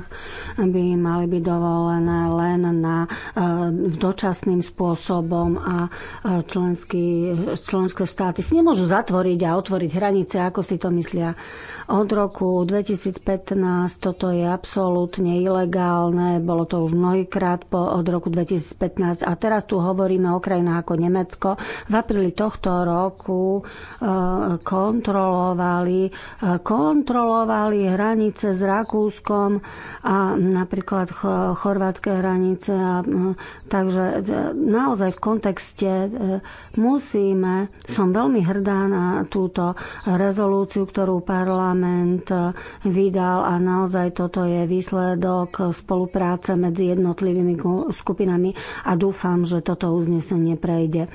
krajinách by mali byť dovolené len na eh, dočasným spôsobom a eh, členský, členské štáty si nemôžu zatvoriť a otvoriť hranice, ako si to myslia. Od roku 2015 toto je absolútne ilegálne, bolo to už mnohýkrát po, od roku 2015 a teraz tu hovoríme o krajinách ako Nemecko. V apríli tohto roku eh, kontrolovali, kontrolovali hranice s Rakúskom a napríklad chorvátske hranice. A, takže e, naozaj v kontexte e, musíme, som veľmi hrdá na túto rezolúciu, ktorú parlament e, vydal a naozaj toto je výsledok spolupráce medzi jednotlivými skupinami a dúfam, že toto uznesenie prejde.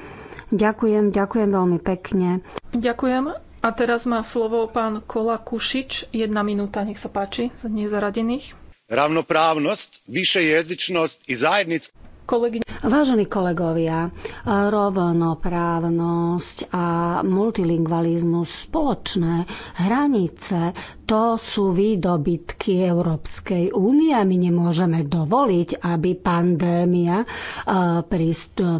Ďakujem, ďakujem veľmi pekne. Ďakujem a teraz má slovo pán Kola Kušič. Jedna minúta, nech sa páči, z nezaradených. Ravnoprávnosť, vyšejezičnosť i zajednicu. Kolegyne... Vážení kolegovia, rovnoprávnosť a multilingvalizmus, spoločné hranice, to sú výdobytky Európskej únie a my nemôžeme dovoliť, aby pandémia e,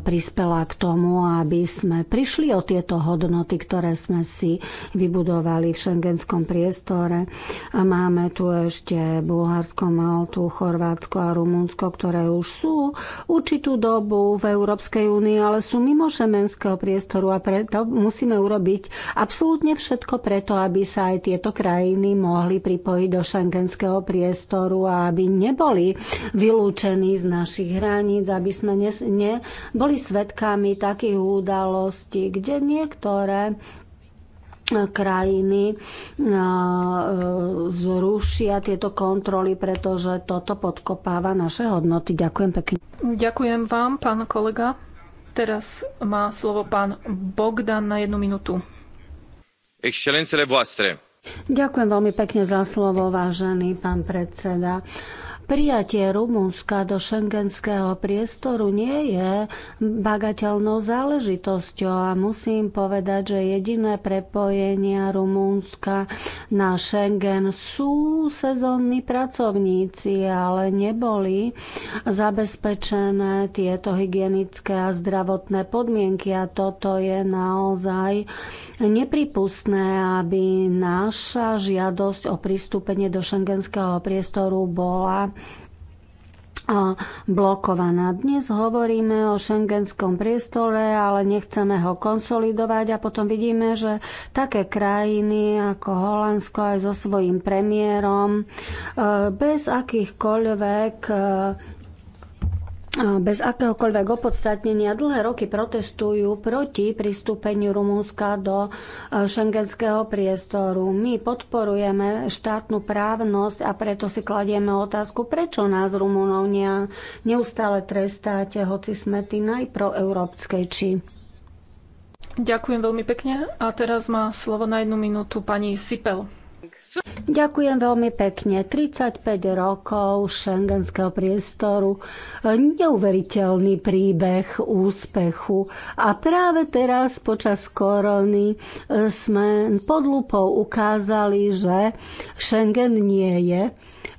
prispela k tomu, aby sme prišli o tieto hodnoty, ktoré sme si vybudovali v šengenskom priestore. Máme tu ešte Bulharsko, Maltu, Chorvátsko a Rumunsko, ktoré už sú určitú dobu v Európskej únii, ale sú mimo šemenského priestoru a preto musíme urobiť absolútne všetko preto, aby sa aj tieto krajiny mohli pripojiť do šengenského priestoru a aby neboli vylúčení z našich hraníc, aby sme neboli svetkami takých udalostí, kde niektoré krajiny e, zrušia tieto kontroly, pretože toto podkopáva naše hodnoty. Ďakujem pekne. Ďakujem vám, pán kolega. Teraz má slovo pán Bogdan na jednu minútu. Ďakujem veľmi pekne za slovo, vážený pán predseda. Prijatie Rumunska do šengenského priestoru nie je bagateľnou záležitosťou a musím povedať, že jediné prepojenia Rumunska na Schengen sú sezónni pracovníci, ale neboli zabezpečené tieto hygienické a zdravotné podmienky a toto je naozaj nepripustné, aby naša žiadosť o pristúpenie do šengenského priestoru bola blokovaná. Dnes hovoríme o šengenskom priestore, ale nechceme ho konsolidovať a potom vidíme, že také krajiny ako Holandsko aj so svojím premiérom e, bez akýchkoľvek e, bez akéhokoľvek opodstatnenia dlhé roky protestujú proti pristúpeniu Rumúnska do e, šengenského priestoru. My podporujeme štátnu právnosť a preto si kladieme otázku, prečo nás Rumúnov neustále trestáte, hoci sme tí najproeurópskej či. Ďakujem veľmi pekne a teraz má slovo na jednu minútu pani Sipel. Ďakujem veľmi pekne. 35 rokov šengenského priestoru, neuveriteľný príbeh úspechu. A práve teraz počas korony eh, sme pod lupou ukázali, že Schengen nie je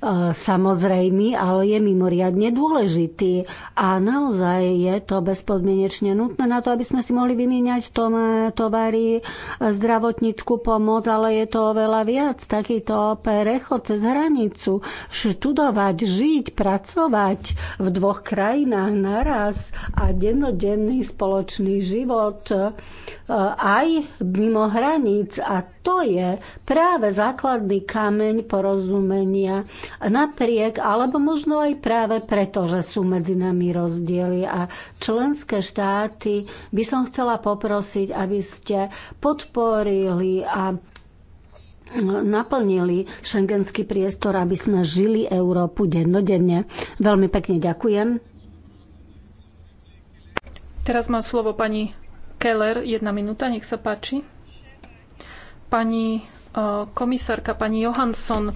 E, samozrejmý, ale je mimoriadne dôležitý. A naozaj je to bezpodmienečne nutné na to, aby sme si mohli vymieňať e, tovary, e, zdravotnícku pomoc, ale je to oveľa viac. Takýto prechod cez hranicu, študovať, žiť, pracovať v dvoch krajinách naraz a dennodenný spoločný život aj mimo hraníc a to je práve základný kameň porozumenia napriek, alebo možno aj práve preto, že sú medzi nami rozdiely a členské štáty by som chcela poprosiť, aby ste podporili a naplnili šengenský priestor, aby sme žili Európu dennodenne. Veľmi pekne ďakujem. Teraz má slovo pani Keller, jedna minúta, nech sa páči. Pani e, komisárka, pani Johansson,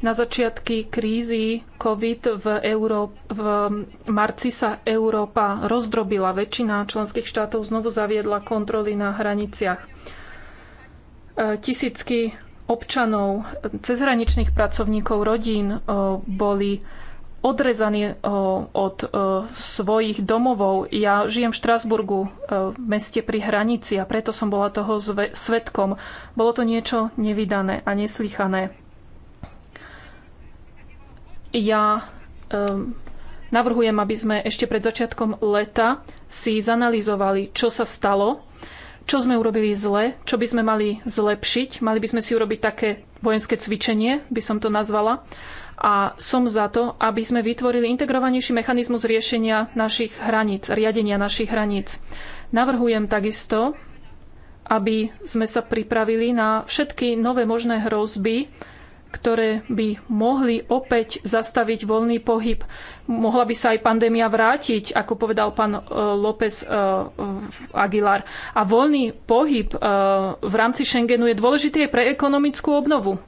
na začiatky krízy COVID v, Euró- v marci sa Európa rozdrobila. Väčšina členských štátov znovu zaviedla kontroly na hraniciach. E, tisícky občanov, e, cezhraničných pracovníkov, rodín boli odrezaní eh, od eh, svojich domovov. Ja žijem v Štrasburgu, eh, v meste pri hranici a preto som bola toho svetkom. Bolo to niečo nevydané a neslychané. Ja ehm, navrhujem, aby sme ešte pred začiatkom leta si zanalizovali, čo sa stalo, čo sme urobili zle, čo by sme mali zlepšiť. Mali by sme si urobiť také vojenské cvičenie, by som to nazvala a som za to, aby sme vytvorili integrovanejší mechanizmus riešenia našich hraníc, riadenia našich hraníc. Navrhujem takisto, aby sme sa pripravili na všetky nové možné hrozby, ktoré by mohli opäť zastaviť voľný pohyb. Mohla by sa aj pandémia vrátiť, ako povedal pán e, López e, Aguilar. A voľný pohyb e, v rámci Schengenu je dôležitý aj pre ekonomickú obnovu.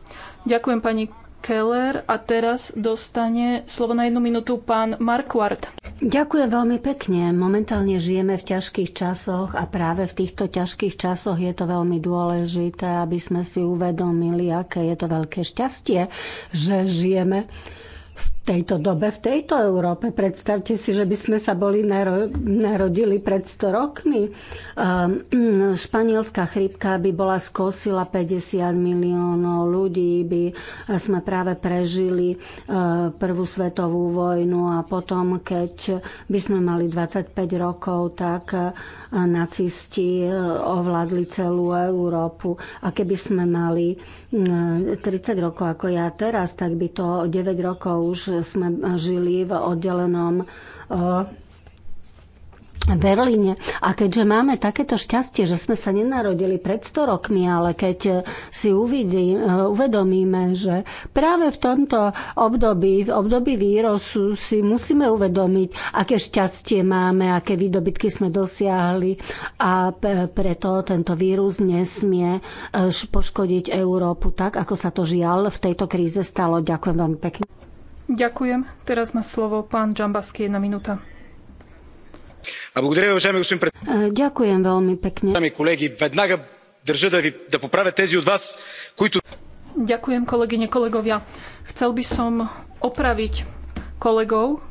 Ďakujem pani Keller a teraz dostane slovo na jednu minútu pán Markvart. Ďakujem veľmi pekne. Momentálne žijeme v ťažkých časoch a práve v týchto ťažkých časoch je to veľmi dôležité, aby sme si uvedomili, aké je to veľké šťastie, že žijeme v tejto dobe, v tejto Európe. Predstavte si, že by sme sa boli narodili pred 100 rokmi. Ehm, španielská chrypka by bola skosila 50 miliónov ľudí, by eh, sme práve prežili eh, prvú svetovú vojnu a potom, keď by sme mali 25 rokov, tak eh, nacisti e, ovládli celú Európu. A keby sme mali 30 rokov ako ja teraz, tak by to 9 rokov už sme žili v oddelenom e, Berlíne. A keďže máme takéto šťastie, že sme sa nenarodili pred 100 rokmi, ale keď si uvidí, e, uvedomíme, že práve v tomto období, v období výrosu si musíme uvedomiť, aké šťastie máme, aké výdobytky sme dosiahli a preto tento vírus nesmie e, poškodiť Európu tak, ako sa to žiaľ v tejto kríze stalo. Ďakujem veľmi pekne. Ďakujem. Teraz má slovo pán Džambasky, jedna minúta. Ďakujem veľmi pekne. Ďakujem kolegyne, kolegovia. Chcel by som opraviť kolegov,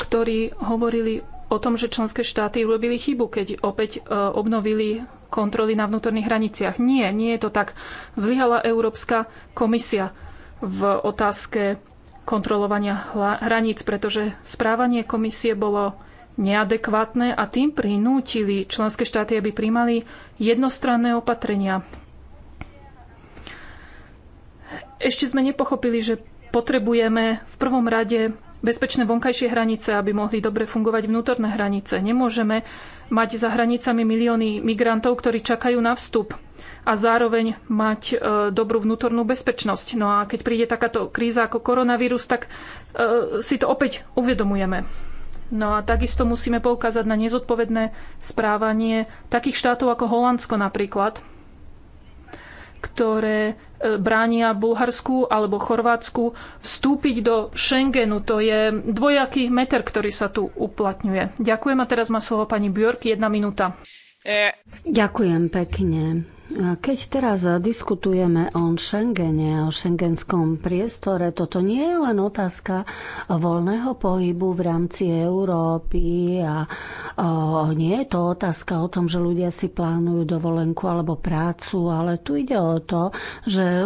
ktorí hovorili o tom, že členské štáty urobili chybu, keď opäť e, obnovili kontroly na vnútorných hraniciach. Nie, nie je to tak. Zlyhala Európska komisia v otázke kontrolovania hraníc, pretože správanie komisie bolo neadekvátne a tým prinútili členské štáty, aby príjmali jednostranné opatrenia. Ešte sme nepochopili, že potrebujeme v prvom rade bezpečné vonkajšie hranice, aby mohli dobre fungovať vnútorné hranice. Nemôžeme mať za hranicami milióny migrantov, ktorí čakajú na vstup a zároveň mať e, dobrú vnútornú bezpečnosť. No a keď príde takáto kríza ako koronavírus, tak e, si to opäť uvedomujeme. No a takisto musíme poukázať na nezodpovedné správanie takých štátov ako Holandsko napríklad, ktoré e, bránia Bulharsku alebo Chorvátsku vstúpiť do Schengenu. To je dvojaký meter, ktorý sa tu uplatňuje. Ďakujem a teraz má slovo pani Björk, jedna minúta. E, Ďakujem pekne. Keď teraz diskutujeme o Schengene, o šengenskom priestore, toto nie je len otázka voľného pohybu v rámci Európy a o, nie je to otázka o tom, že ľudia si plánujú dovolenku alebo prácu, ale tu ide o to, že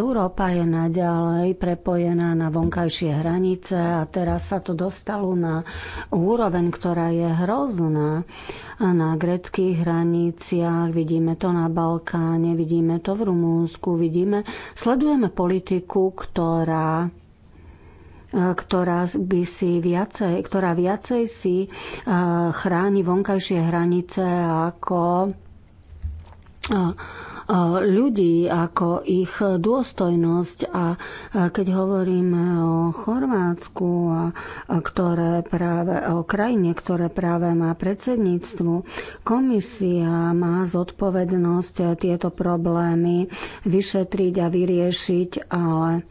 Európa je naďalej prepojená na vonkajšie hranice a teraz sa to dostalo na úroveň, ktorá je hrozná. Na greckých hraniciach vidíme to na na Balkáne, vidíme to v Rumúnsku, vidíme, sledujeme politiku, ktorá e, ktorá, by si viacej, ktorá viacej si e, chráni vonkajšie hranice ako ľudí, ako ich dôstojnosť. A keď hovoríme o Chorvátsku, a ktoré práve, o krajine, ktoré práve má predsedníctvu, komisia má zodpovednosť tieto problémy vyšetriť a vyriešiť, ale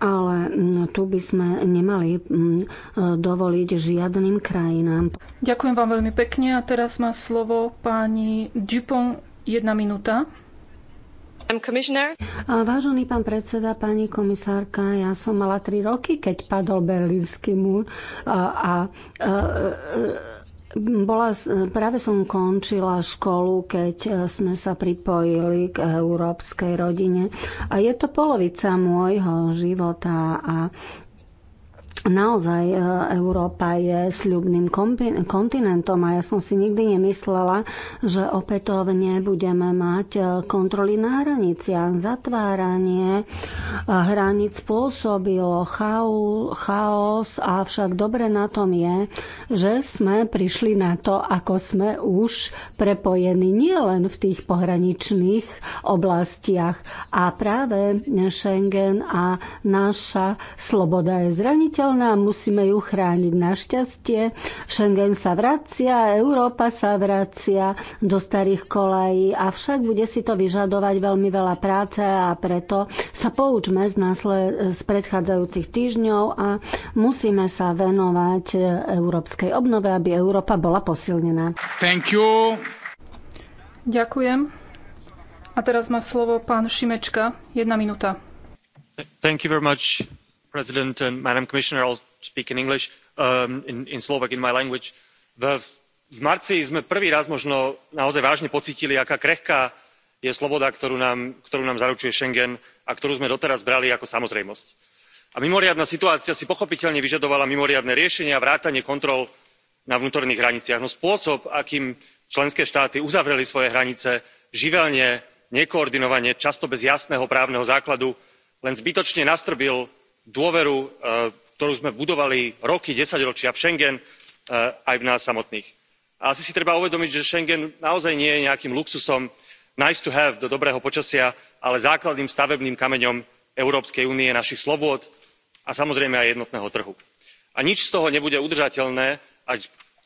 ale mm, tu by sme nemali mm, eh, dovoliť žiadnym krajinám. Ďakujem vám veľmi pekne a teraz má slovo pani Dupont. Jedna minúta. Vážený pán predseda, pani komisárka, ja som mala tri roky, keď padol berlínsky múr a, a, a, a bola, práve som končila školu, keď e, sme sa pripojili k európskej rodine. A je to polovica môjho života a Naozaj e, Európa je sľubným kontinentom a ja som si nikdy nemyslela, že opätovne budeme mať e, kontroly na hraniciach. Zatváranie e, hraníc spôsobilo chaos, avšak dobre na tom je, že sme prišli na to, ako sme už prepojení nielen v tých pohraničných oblastiach. A práve Schengen a naša sloboda je zraniteľná viditeľná a musíme ju chrániť. Našťastie Schengen sa vracia, Európa sa vracia do starých kolají, avšak bude si to vyžadovať veľmi veľa práce a preto sa poučme z, násle, z predchádzajúcich týždňov a musíme sa venovať európskej obnove, aby Európa bola posilnená. Thank you. Ďakujem. A teraz má slovo pán Šimečka. Jedna minúta. Thank you very much president and um, madam commissioner i'll speak in english um, in, slovak in my language. v, marci sme prvý raz možno naozaj vážne pocítili aká krehká je sloboda ktorú nám, zaručuje schengen a ktorú sme doteraz brali ako samozrejmosť. a mimoriadna situácia si pochopiteľne vyžadovala mimoriadne riešenie a vrátane kontrol na vnútorných hraniciach. no spôsob akým členské štáty uzavreli svoje hranice živelne nekoordinovane často bez jasného právneho základu len zbytočne nastrbil dôveru e, ktorú sme budovali roky desaťročia v schengen e, aj v nás samotných. a asi si treba uvedomiť že schengen naozaj nie je nejakým luxusom nice to have do dobrého počasia ale základným stavebným kameňom európskej únie našich slobôd a samozrejme aj jednotného trhu. a nič z toho nebude udržateľné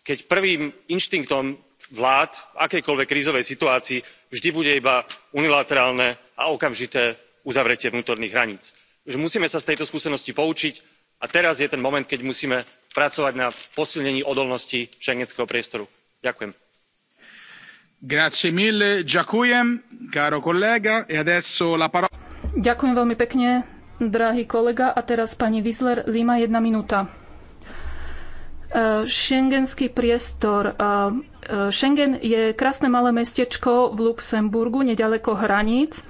keď prvým inštinktom vlád v akejkoľvek krízovej situácii vždy bude iba unilaterálne a okamžité uzavretie vnútorných hraníc že musíme sa z tejto skúsenosti poučiť a teraz je ten moment keď musíme pracovať na posilnení odolnosti schengenského priestoru. ďakujem. E ďakujem veľmi pekne drahý kolega a teraz pani Wiesler Lima jedna minúta. Schengenský e, priestor. E, Schengen je krásne malé mestečko v Luxemburgu, nedaleko hraníc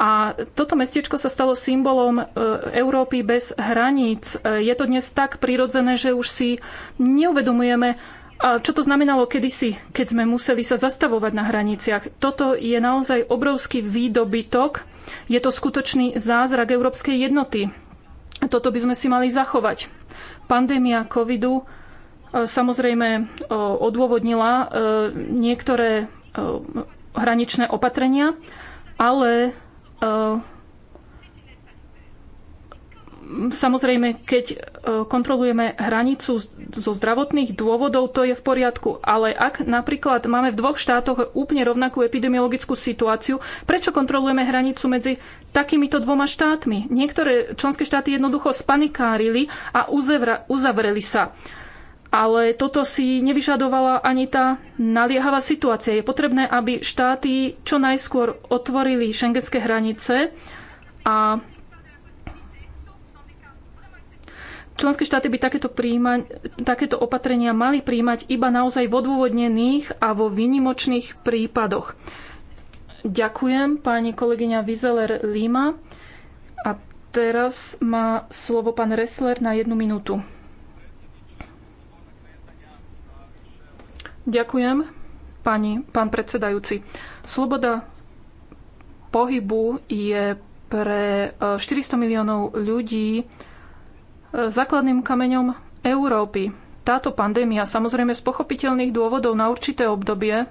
a toto mestečko sa stalo symbolom e, Európy bez hraníc. E, je to dnes tak prirodzené, že už si neuvedomujeme, e, čo to znamenalo kedysi, keď sme museli sa zastavovať na hraniciach. Toto je naozaj obrovský výdobytok. Je to skutočný zázrak európskej jednoty. Toto by sme si mali zachovať. Pandémia covidu samozrejme odôvodnila niektoré hraničné opatrenia, ale Ehm, samozrejme, keď ehm, kontrolujeme hranicu zo zdravotných dôvodov, to je v poriadku. Ale ak napríklad máme v dvoch štátoch úplne rovnakú epidemiologickú situáciu, prečo kontrolujeme hranicu medzi takýmito dvoma štátmi? Niektoré členské štáty jednoducho spanikárili a uzavreli sa. Ale toto si nevyžadovala ani tá naliehavá situácia. Je potrebné, aby štáty čo najskôr otvorili šengenské hranice a členské štáty by takéto, príjma, takéto opatrenia mali príjmať iba naozaj v odôvodnených a vo výnimočných prípadoch. Ďakujem pani kolegyňa Vizeler Lima. A teraz má slovo pán Ressler na jednu minútu. Ďakujem, pani, pán predsedajúci. Sloboda pohybu je pre 400 e, miliónov ľudí e, základným kameňom Európy. Táto pandémia samozrejme z pochopiteľných dôvodov na určité obdobie e,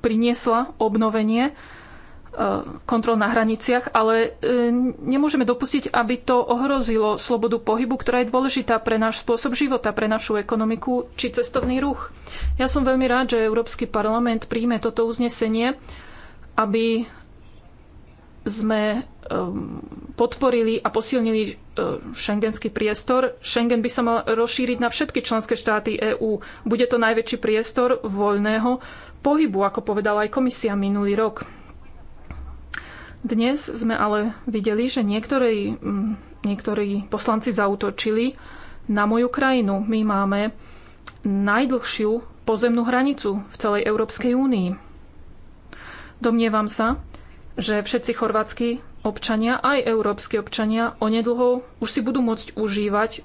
priniesla obnovenie E, kontrol na hraniciach, ale e, nemôžeme dopustiť, aby to ohrozilo slobodu pohybu, ktorá je dôležitá pre náš spôsob života, pre našu ekonomiku či cestovný ruch. Ja som veľmi rád, že Európsky parlament príjme toto uznesenie, aby sme e, podporili a posilnili šengenský priestor. Schengen by sa mal rozšíriť na všetky členské štáty EÚ. Bude to najväčší priestor voľného pohybu, ako povedala aj komisia minulý rok. Dnes sme ale videli, že niektorí, mm, niektorí poslanci zautočili na moju krajinu. My máme najdlhšiu pozemnú hranicu v celej Európskej únii. Domnievam sa, že všetci chorvátsky občania, aj európsky občania, onedlho už si budú môcť užívať e,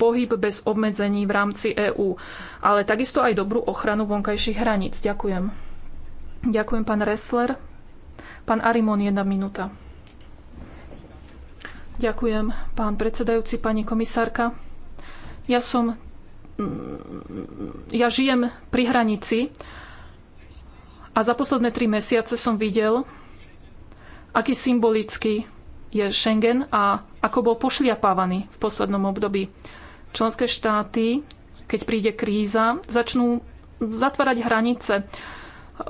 pohyb bez obmedzení v rámci EÚ, ale takisto aj dobrú ochranu vonkajších hraníc. Ďakujem. Ďakujem, pán Ressler. Pán Arimon, jedna minúta. Ďakujem, pán predsedajúci, pani komisárka. Ja som... Mm, ja žijem pri hranici a za posledné tri mesiace som videl, aký symbolický je Schengen a ako bol pošliapávaný v poslednom období. Členské štáty, keď príde kríza, začnú zatvárať hranice. E,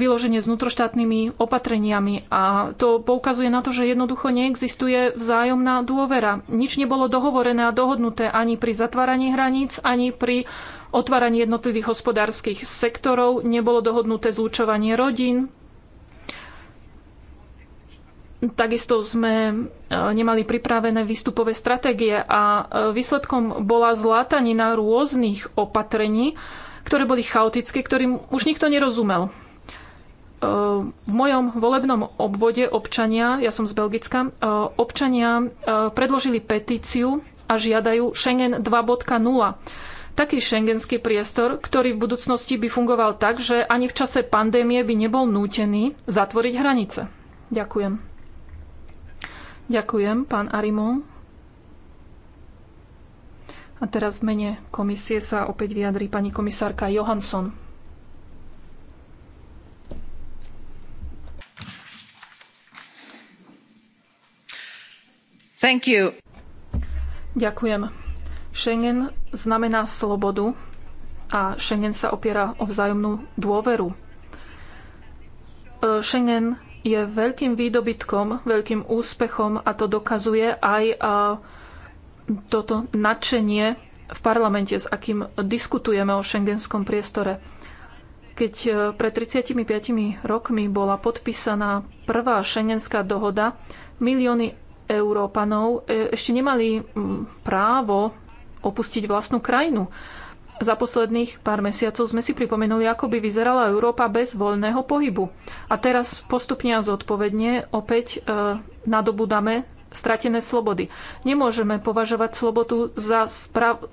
vyloženie s vnútroštátnymi opatreniami. A to poukazuje na to, že jednoducho neexistuje vzájomná dôvera. Nič nebolo dohovorené a dohodnuté ani pri zatváraní hraníc, ani pri otváraní jednotlivých hospodárskych sektorov. Nebolo dohodnuté zlučovanie rodín. Takisto sme e, nemali pripravené výstupové stratégie a e, výsledkom bola zlátanina rôznych opatrení, ktoré boli chaotické, ktorým už nikto nerozumel. E, v mojom volebnom obvode občania, ja som z Belgicka, e, občania e, predložili petíciu a žiadajú Schengen 2.0 taký šengenský priestor, ktorý v budúcnosti by fungoval tak, že ani v čase pandémie by nebol nútený zatvoriť hranice. Ďakujem. Ďakujem, pán Arimon. A teraz v mene komisie sa opäť vyjadrí pani komisárka Johansson. Thank you. Ďakujem. Schengen znamená slobodu a Schengen sa opiera o vzájomnú dôveru. Schengen je veľkým výdobytkom, veľkým úspechom a to dokazuje aj toto nadšenie v parlamente, s akým diskutujeme o šengenskom priestore. Keď e, pred 35 rokmi bola podpísaná prvá šengenská dohoda, milióny Európanov e, ešte nemali právo opustiť vlastnú krajinu. Za posledných pár mesiacov sme si pripomenuli, ako by vyzerala Európa bez voľného pohybu. A teraz postupne a zodpovedne opäť e, nadobudame stratené slobody. Nemôžeme považovať slobodu za, sprav,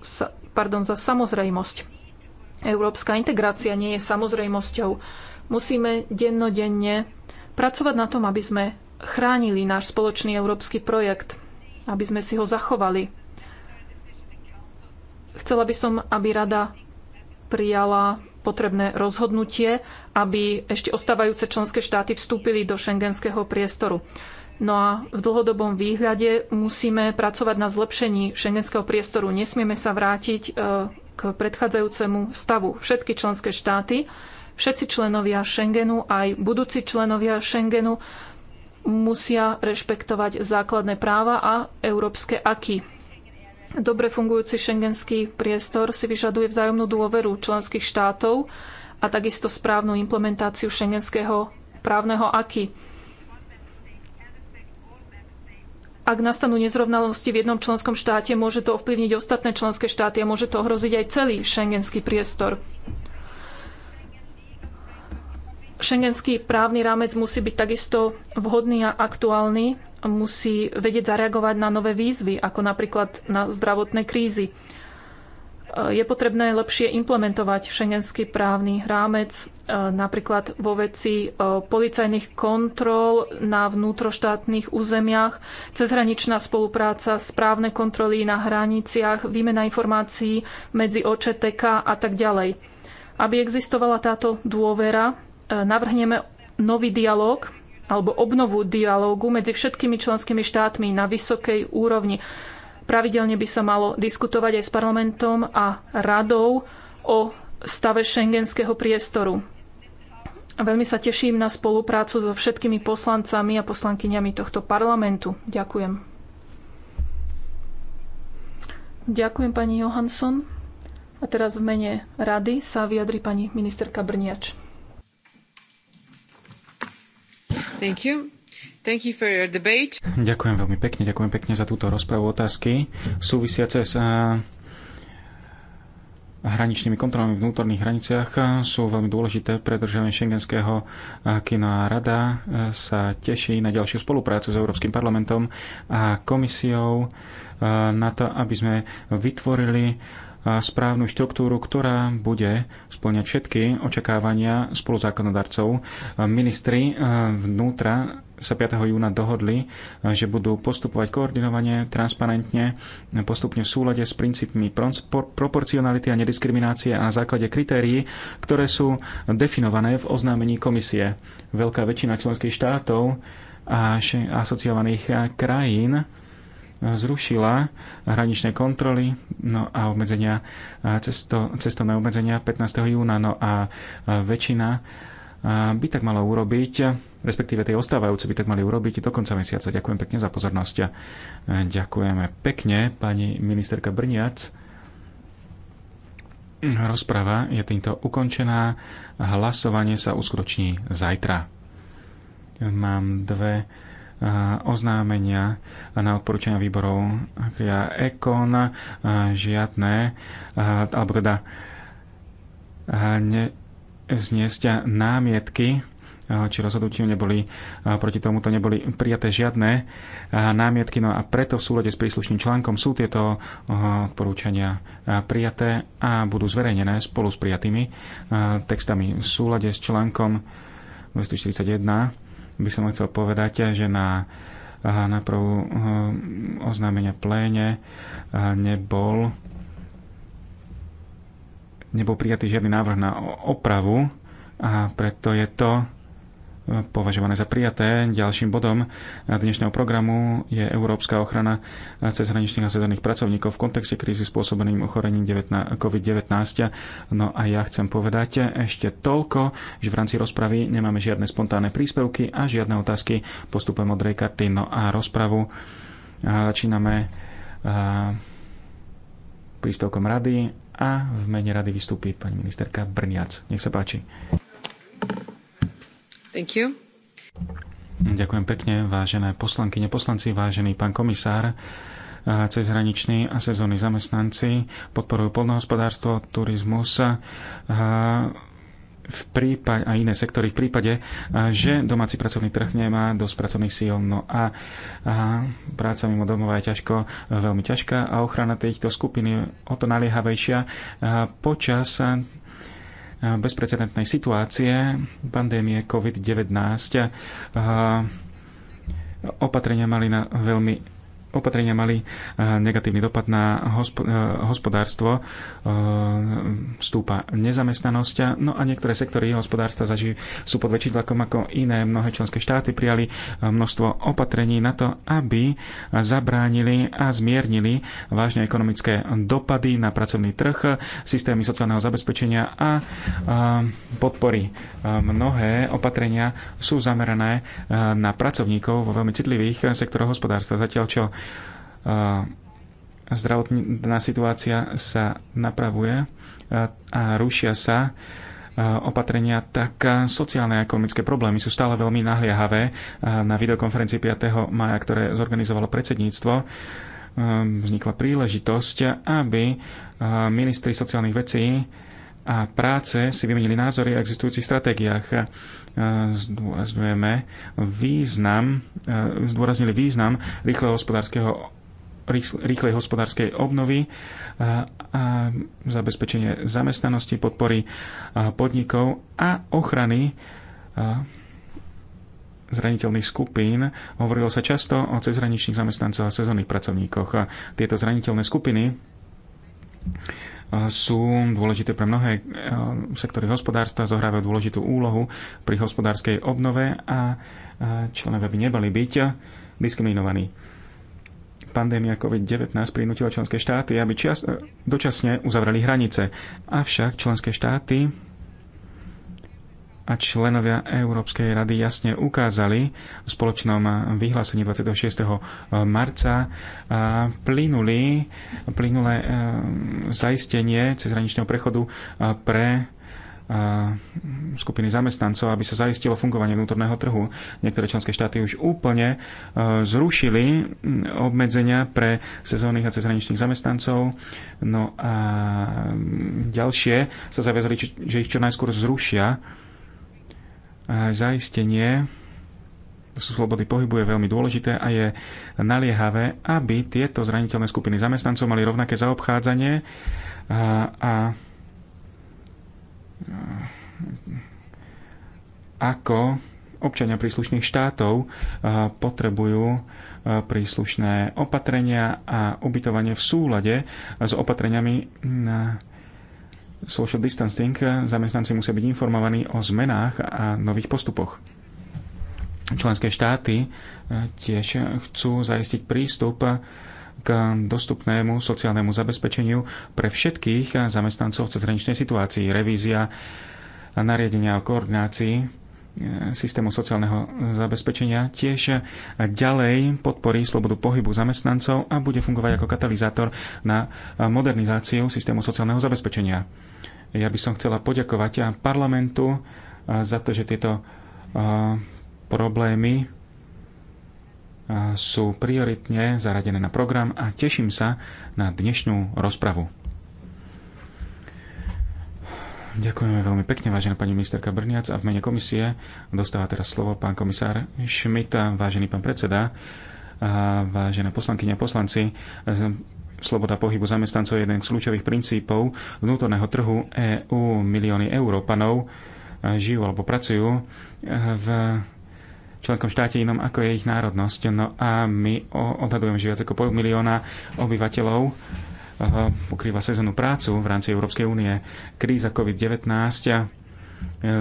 pardon, za samozrejmosť. Európska integrácia nie je samozrejmosťou. Musíme dennodenne pracovať na tom, aby sme chránili náš spoločný európsky projekt, aby sme si ho zachovali. Chcela by som, aby rada prijala potrebné rozhodnutie, aby ešte ostávajúce členské štáty vstúpili do šengenského priestoru. No a v dlhodobom výhľade musíme pracovať na zlepšení šengenského priestoru. Nesmieme sa vrátiť e, k predchádzajúcemu stavu. Všetky členské štáty, všetci členovia Schengenu, aj budúci členovia Schengenu musia rešpektovať základné práva a európske aky. Dobre fungujúci šengenský priestor si vyžaduje vzájomnú dôveru členských štátov a takisto správnu implementáciu šengenského právneho aky. ak nastanú nezrovnalosti v jednom členskom štáte, môže to ovplyvniť ostatné členské štáty a môže to ohroziť aj celý šengenský priestor. Šengenský právny rámec musí byť takisto vhodný a aktuálny, musí vedieť zareagovať na nové výzvy, ako napríklad na zdravotné krízy. Je potrebné lepšie implementovať šengenský právny rámec, e, napríklad vo veci e, policajných kontrol na vnútroštátnych územiach, cezhraničná spolupráca, správne kontroly na hraniciach, výmena informácií medzi OČTK a tak ďalej. Aby existovala táto dôvera, e, navrhneme nový dialog alebo obnovu dialógu medzi všetkými členskými štátmi na vysokej úrovni Pravidelne by sa malo diskutovať aj s parlamentom a radou o stave šengenského priestoru. Veľmi sa teším na spoluprácu so všetkými poslancami a poslankyňami tohto parlamentu. Ďakujem. Ďakujem pani Johansson. A teraz v mene rady sa vyjadri pani ministerka Brniač. Thank you. Thank you for your debate. Ďakujem veľmi pekne, ďakujem pekne za túto rozpravu otázky súvisiace s eh, hraničnými kontrolami v vnútorných hraniciach sú veľmi dôležité pre držanie šengenského eh, kina. Rada eh, sa teší na ďalšiu spoluprácu s Európskym parlamentom a komisiou na to, aby sme vytvorili a správnu štruktúru, ktorá bude splňať všetky očakávania spoluzákonodarcov. Ministri eh, vnútra sa 5. júna dohodli, eh, že budú postupovať koordinovane, transparentne, postupne v súlade s princípmi proporcionality a nediskriminácie a na základe kritérií, ktoré sú definované v oznámení komisie. Veľká väčšina členských štátov a asociovaných eh, krajín zrušila hraničné kontroly no a obmedzenia, cesto, cestovné obmedzenia 15. júna. No a väčšina by tak mala urobiť, respektíve tie ostávajúce by tak mali urobiť do konca mesiaca. Ďakujem pekne za pozornosť. Ďakujeme pekne, pani ministerka Brniac. Rozprava je týmto ukončená. Hlasovanie sa uskutoční zajtra. Mám dve oznámenia na odporúčania výborov Akria Ekon žiadne, alebo teda ne, námietky či rozhodnutiu neboli, proti tomuto neboli prijaté žiadne námietky, no a preto v súlade s príslušným článkom sú tieto odporúčania prijaté a budú zverejnené spolu s prijatými textami v súlade s článkom 241 by som chcel povedať, že na prvú eh, oznámenia pléne eh, nebol nebol prijatý žiadny návrh na opravu a preto je to považované za prijaté. Ďalším bodom dnešného programu je Európska ochrana cezhraničných a sezónnych pracovníkov v kontexte krízy spôsobeným ochorením COVID-19. No a ja chcem povedať ešte toľko, že v rámci rozpravy nemáme žiadne spontánne príspevky a žiadne otázky Postupujem od karty. No a rozpravu začíname príspevkom rady a v mene rady vystúpi pani ministerka Brniac. Nech sa páči. Thank you. Ďakujem pekne, vážené poslanky, neposlanci, vážený pán komisár. Cezhraniční a sezónni zamestnanci podporujú polnohospodárstvo, turizmus, v prípade, a iné sektory v prípade, že domáci pracovný trh nemá dosť pracovných síl. No a, a práca mimo domova je ťažko, veľmi ťažká a ochrana týchto skupín je o to naliehavejšia počas bezprecedentnej situácie pandémie COVID-19 opatrenia mali na veľmi opatrenia mali eh, negatívny dopad na eh, hospodárstvo, eh, stúpa nezamestnanosť, no a niektoré sektory hospodárstva zaži- sú pod väčším tlakom ako iné. Mnohé členské štáty prijali množstvo opatrení na to, aby zabránili a zmiernili vážne ekonomické dopady na pracovný trh, systémy sociálneho zabezpečenia a podpory. Mnohé opatrenia sú zamerané na pracovníkov vo veľmi citlivých sektoroch hospodárstva. Zatiaľ, čo zdravotná situácia sa napravuje a rušia sa opatrenia, tak sociálne a ekonomické problémy sú stále veľmi nahliahavé. Na videokonferencii 5. maja, ktoré zorganizovalo predsedníctvo, vznikla príležitosť, aby ministri sociálnych vecí a práce si vymenili názory o existujúcich stratégiách. Zdôrazňujeme význam, zdôraznili význam rýchleho hospodárskeho rýchlej hospodárskej obnovy a zabezpečenie zamestnanosti, podpory podnikov a ochrany zraniteľných skupín. Hovorilo sa často o cezhraničných zamestnancoch a sezónnych pracovníkoch. Tieto zraniteľné skupiny sú dôležité pre mnohé e, sektory hospodárstva, zohrávajú dôležitú úlohu pri hospodárskej obnove a e, členovia by nebali byť diskriminovaní. Pandémia COVID-19 prinútila členské štáty, aby čas, e, dočasne uzavreli hranice. Avšak členské štáty a členovia Európskej rady jasne ukázali v spoločnom vyhlásení 26. E, marca e, plynuli, plynulé e, zaistenie cezhraničného prechodu pre skupiny zamestnancov, aby sa zaistilo fungovanie vnútorného trhu. Niektoré členské štáty už úplne zrušili obmedzenia pre sezónnych a cezhraničných zamestnancov. No a ďalšie sa zaviazali, že ich čo najskôr zrušia zaistenie slobody pohybu je veľmi dôležité a je naliehavé, aby tieto zraniteľné skupiny zamestnancov mali rovnaké zaobchádzanie a, a ako občania príslušných štátov potrebujú príslušné opatrenia a ubytovanie v súlade s opatreniami na social distancing, zamestnanci musia byť informovaní o zmenách a nových postupoch. Členské štáty e, tiež chcú zaistiť prístup k dostupnému sociálnemu zabezpečeniu pre všetkých zamestnancov v cezhraničnej situácii. Revízia nariadenia o koordinácii E, systému sociálneho zabezpečenia tiež ďalej podporí slobodu pohybu zamestnancov a bude fungovať ako katalizátor na modernizáciu systému sociálneho zabezpečenia. Ja by som chcela poďakovať parlamentu e, za to, že tieto e, problémy sú prioritne zaradené na program a teším sa na dnešnú rozpravu. Ďakujeme veľmi pekne, vážená pani ministerka Brniac. A v mene komisie dostáva teraz slovo pán komisár Šmita, vážený pán predseda, a vážené poslankyne a poslanci. Sloboda pohybu zamestnancov je jeden z kľúčových princípov vnútorného trhu EÚ. milióny Európanov žijú alebo pracujú v členskom štáte inom ako je ich národnosť. No a my odhadujeme, že viac ako pol milióna obyvateľov pokrýva sezónu prácu v rámci Európskej únie. Kríza COVID-19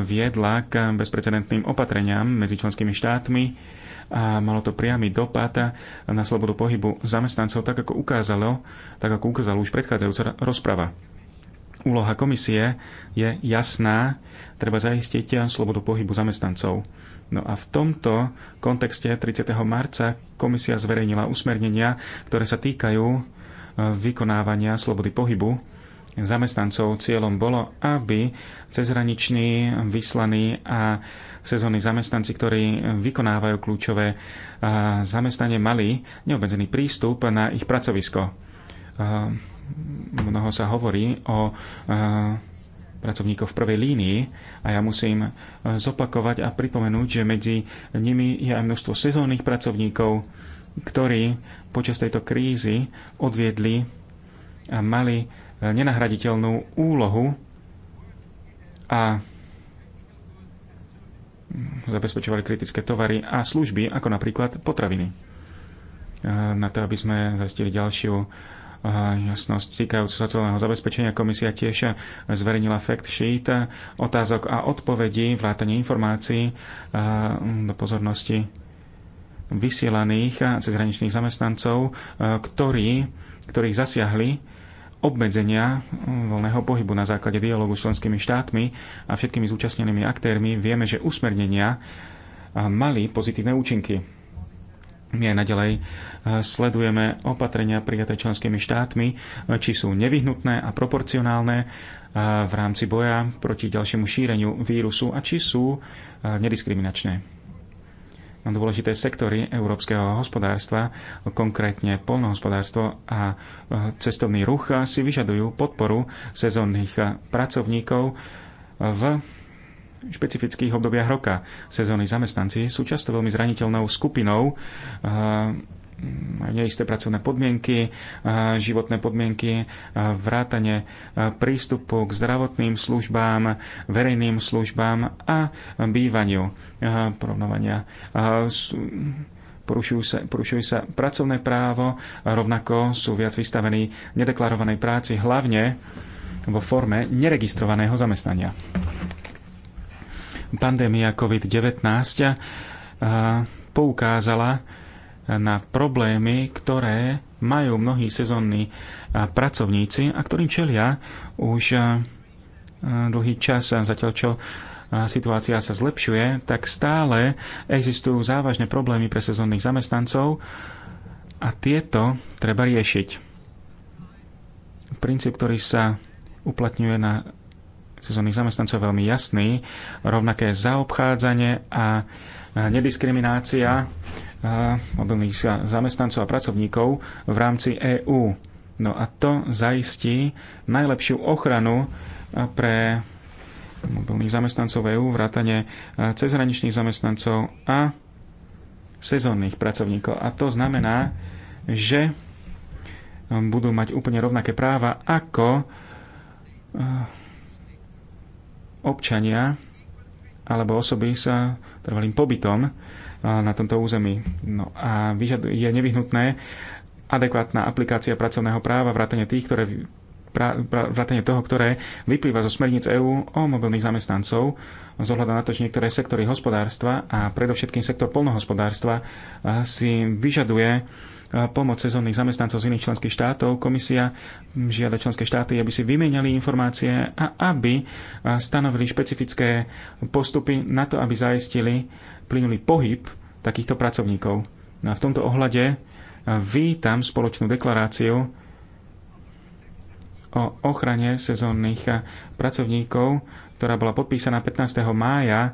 viedla k bezprecedentným opatreniam medzi členskými štátmi a malo to priamy dopad na slobodu pohybu zamestnancov, tak ako ukázalo, tak ako ukázala už predchádzajúca rozprava. Úloha komisie je jasná, treba zaistiť slobodu pohybu zamestnancov. No a v tomto kontexte 30. marca komisia zverejnila usmernenia, ktoré sa týkajú vykonávania slobody pohybu zamestnancov. Cieľom bolo, aby cezhraniční, vyslaní a sezónni zamestnanci, ktorí vykonávajú kľúčové zamestnanie, mali neobmedzený prístup na ich pracovisko. Mnoho sa hovorí o pracovníkov v prvej línii a ja musím zopakovať a pripomenúť, že medzi nimi je aj množstvo sezónnych pracovníkov, ktorí počas tejto krízy odviedli a mali e, nenahraditeľnú úlohu a zabezpečovali kritické tovary a služby, ako napríklad potraviny. E, na to, aby sme zaistili ďalšiu e, jasnosť týkajúcu sa celého zabezpečenia. Komisia tiež zverejnila fact sheet otázok a odpovedí, vrátanie informácií do pozornosti vysielaných cezhraničných zamestnancov, e, ktorí, ktorých zasiahli obmedzenia voľného pohybu na základe dialogu s členskými štátmi a všetkými zúčastnenými aktérmi vieme, že usmernenia e, mali pozitívne účinky. My aj naďalej e, sledujeme opatrenia prijaté členskými štátmi, či sú nevyhnutné a proporcionálne v rámci boja proti ďalšiemu šíreniu vírusu a či sú nediskriminačné dôležité sektory európskeho hospodárstva, konkrétne polnohospodárstvo a e, cestovný ruch, si vyžadujú podporu sezónnych pracovníkov v špecifických obdobiach roka. Sezónni zamestnanci sú často veľmi zraniteľnou skupinou e, majú neisté pracovné podmienky, eh, životné podmienky, eh, vrátanie eh, prístupu k zdravotným službám, verejným službám a bývaniu porovnovania. Porušujú sa, porušujú sa pracovné právo, rovnako sú viac vystavení nedeklarovanej práci, hlavne vo forme neregistrovaného zamestnania. Pandémia COVID-19 poukázala na problémy, ktoré majú mnohí sezónni pracovníci a ktorým čelia už dlhý čas, zatiaľ čo situácia sa zlepšuje, tak stále existujú závažné problémy pre sezónnych zamestnancov a tieto treba riešiť. Princíp, ktorý sa uplatňuje na sezónnych zamestnancov, je veľmi jasný. Rovnaké zaobchádzanie a nediskriminácia mobilných zamestnancov a pracovníkov v rámci EÚ. No a to zaistí najlepšiu ochranu pre mobilných zamestnancov EÚ, vrátane cezhraničných zamestnancov a sezónnych pracovníkov. A to znamená, že um, budú mať úplne rovnaké práva ako občania alebo osoby sa trvalým pobytom na tomto území. No a je nevyhnutné adekvátna aplikácia pracovného práva, vrátane tých, ktoré vrátane toho, ktoré vyplýva zo smerníc EÚ o mobilných zamestnancov, zohľadom na to, že niektoré sektory hospodárstva a predovšetkým sektor polnohospodárstva si vyžaduje pomoc sezónnych zamestnancov z iných členských štátov. Komisia žiada členské štáty, aby si vymenali informácie a aby stanovili špecifické postupy na to, aby zaistili plynulý pohyb takýchto pracovníkov. No a v tomto ohľade vítam spoločnú deklaráciu o ochrane sezónnych pracovníkov, ktorá bola podpísaná 15. mája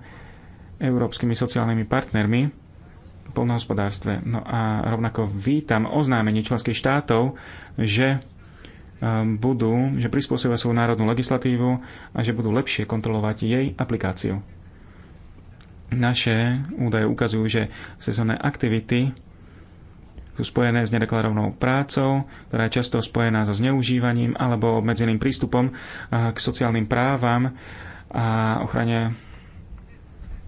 európskymi sociálnymi partnermi polnohospodárstve. No a rovnako vítam oznámenie členských štátov, že um, budú, že prispôsobia svoju národnú legislatívu a že budú lepšie kontrolovať jej aplikáciu. Naše údaje ukazujú, že sezónne aktivity sú spojené s nedeklarovanou prácou, ktorá je často spojená so zneužívaním alebo obmedzeným prístupom eh, k sociálnym právam a ochrane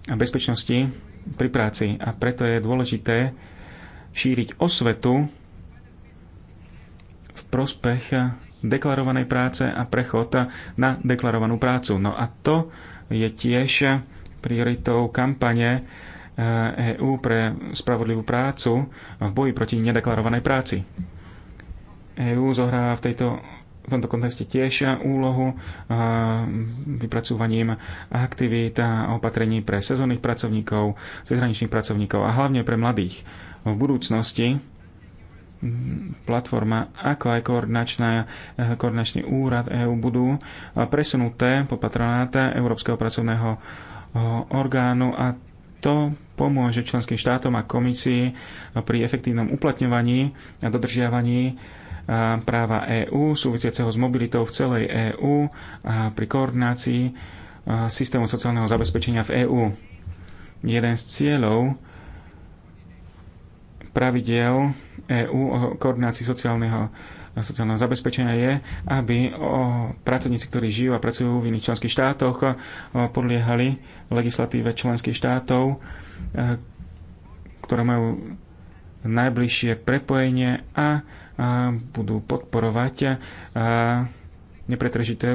a bezpečnosti pri práci. A preto je dôležité šíriť osvetu v prospech deklarovanej práce a prechod na deklarovanú prácu. No a to je tiež prioritou kampane EÚ eh, e pre spravodlivú prácu v boji proti nedeklarovanej práci. EÚ zohráva v tejto v tomto kontexte tiež úlohu vypracúvaním aktivít a opatrení pre sezónnych pracovníkov, cezhraničných pracovníkov a hlavne pre mladých. V budúcnosti platforma, ako aj e, koordinačný úrad EÚ budú presunuté pod patronáta Európskeho pracovného orgánu a to pomôže členským štátom a komisii pri efektívnom uplatňovaní a dodržiavaní práva EÚ súvisiaceho s mobilitou v celej EÚ pri koordinácii systému sociálneho zabezpečenia v EÚ. Jeden z cieľov pravidel EÚ o koordinácii sociálneho sociálneho zabezpečenia je, aby o pracovníci, ktorí žijú a pracujú v iných členských štátoch, podliehali legislatíve členských štátov, ktoré majú najbližšie prepojenie a budú podporovať nepretržité,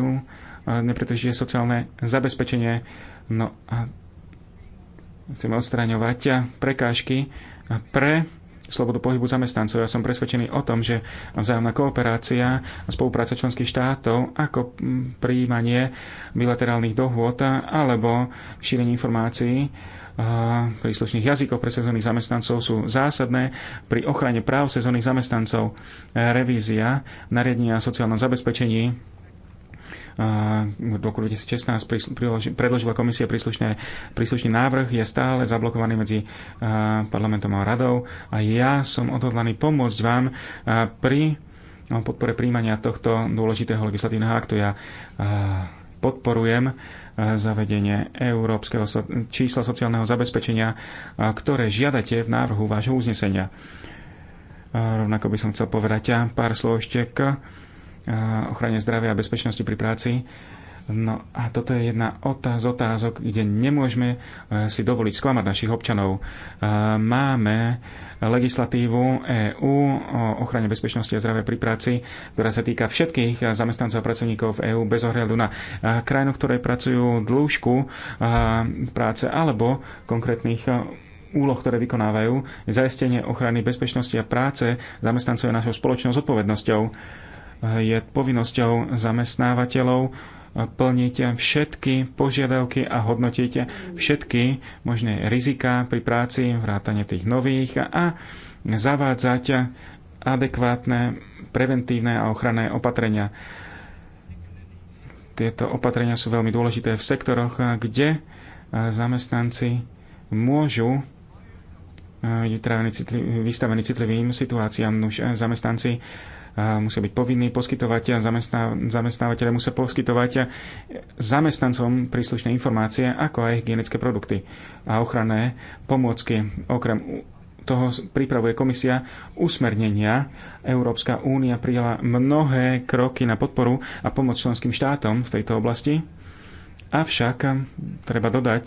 nepretržité sociálne zabezpečenie. No a chceme odstraňovať prekážky pre slobodu pohybu zamestnancov. Ja som presvedčený o tom, že vzájomná kooperácia a spolupráca členských štátov ako príjmanie bilaterálnych dohôd alebo šírenie informácií príslušných jazykov pre sezónnych zamestnancov sú zásadné pri ochrane práv sezónnych zamestnancov. E, revízia nariadenia o sociálnom zabezpečení e, v roku 2016 predložila komisia príslušné, príslušný návrh, je stále zablokovaný medzi e, parlamentom a radou a ja som odhodlaný pomôcť vám pri no, podpore príjmania tohto dôležitého legislatívneho aktu. Ja podporujem eh, zavedenie európskeho čísla sociálneho zabezpečenia, eh, ktoré žiadate v návrhu vášho uznesenia. Eh, rovnako by som chcel povedať pár slov ešte k ochrane zdravia a bezpečnosti pri práci. No a toto je jedna z otázok, kde nemôžeme eh, si dovoliť sklamať našich občanov. Eh, máme legislatívu EÚ o ochrane bezpečnosti a zdravia pri práci, ktorá sa týka všetkých zamestnancov a pracovníkov v EÚ bez ohľadu na eh, krajinu, v ktorej pracujú dĺžku práce alebo konkrétnych úloh, ktoré vykonávajú, zaistenie ochrany bezpečnosti a práce zamestnancov je našou spoločnou zodpovednosťou. Je povinnosťou zamestnávateľov plníte všetky požiadavky a hodnotíte všetky možné riziká pri práci, vrátane tých nových a zavádzať adekvátne preventívne a ochranné opatrenia. Tieto opatrenia sú veľmi dôležité v sektoroch, kde eh, zamestnanci môžu byť eh, vystavení citlivým situáciám. Eh, zamestnanci musia byť povinní poskytovať a zamestná, zamestnávateľe musia poskytovať zamestnancom príslušné informácie, ako aj hygienické produkty a ochranné pomôcky. Okrem toho pripravuje komisia usmernenia. Európska únia prijala mnohé kroky na podporu a pomoc členským štátom v tejto oblasti. Avšak treba dodať,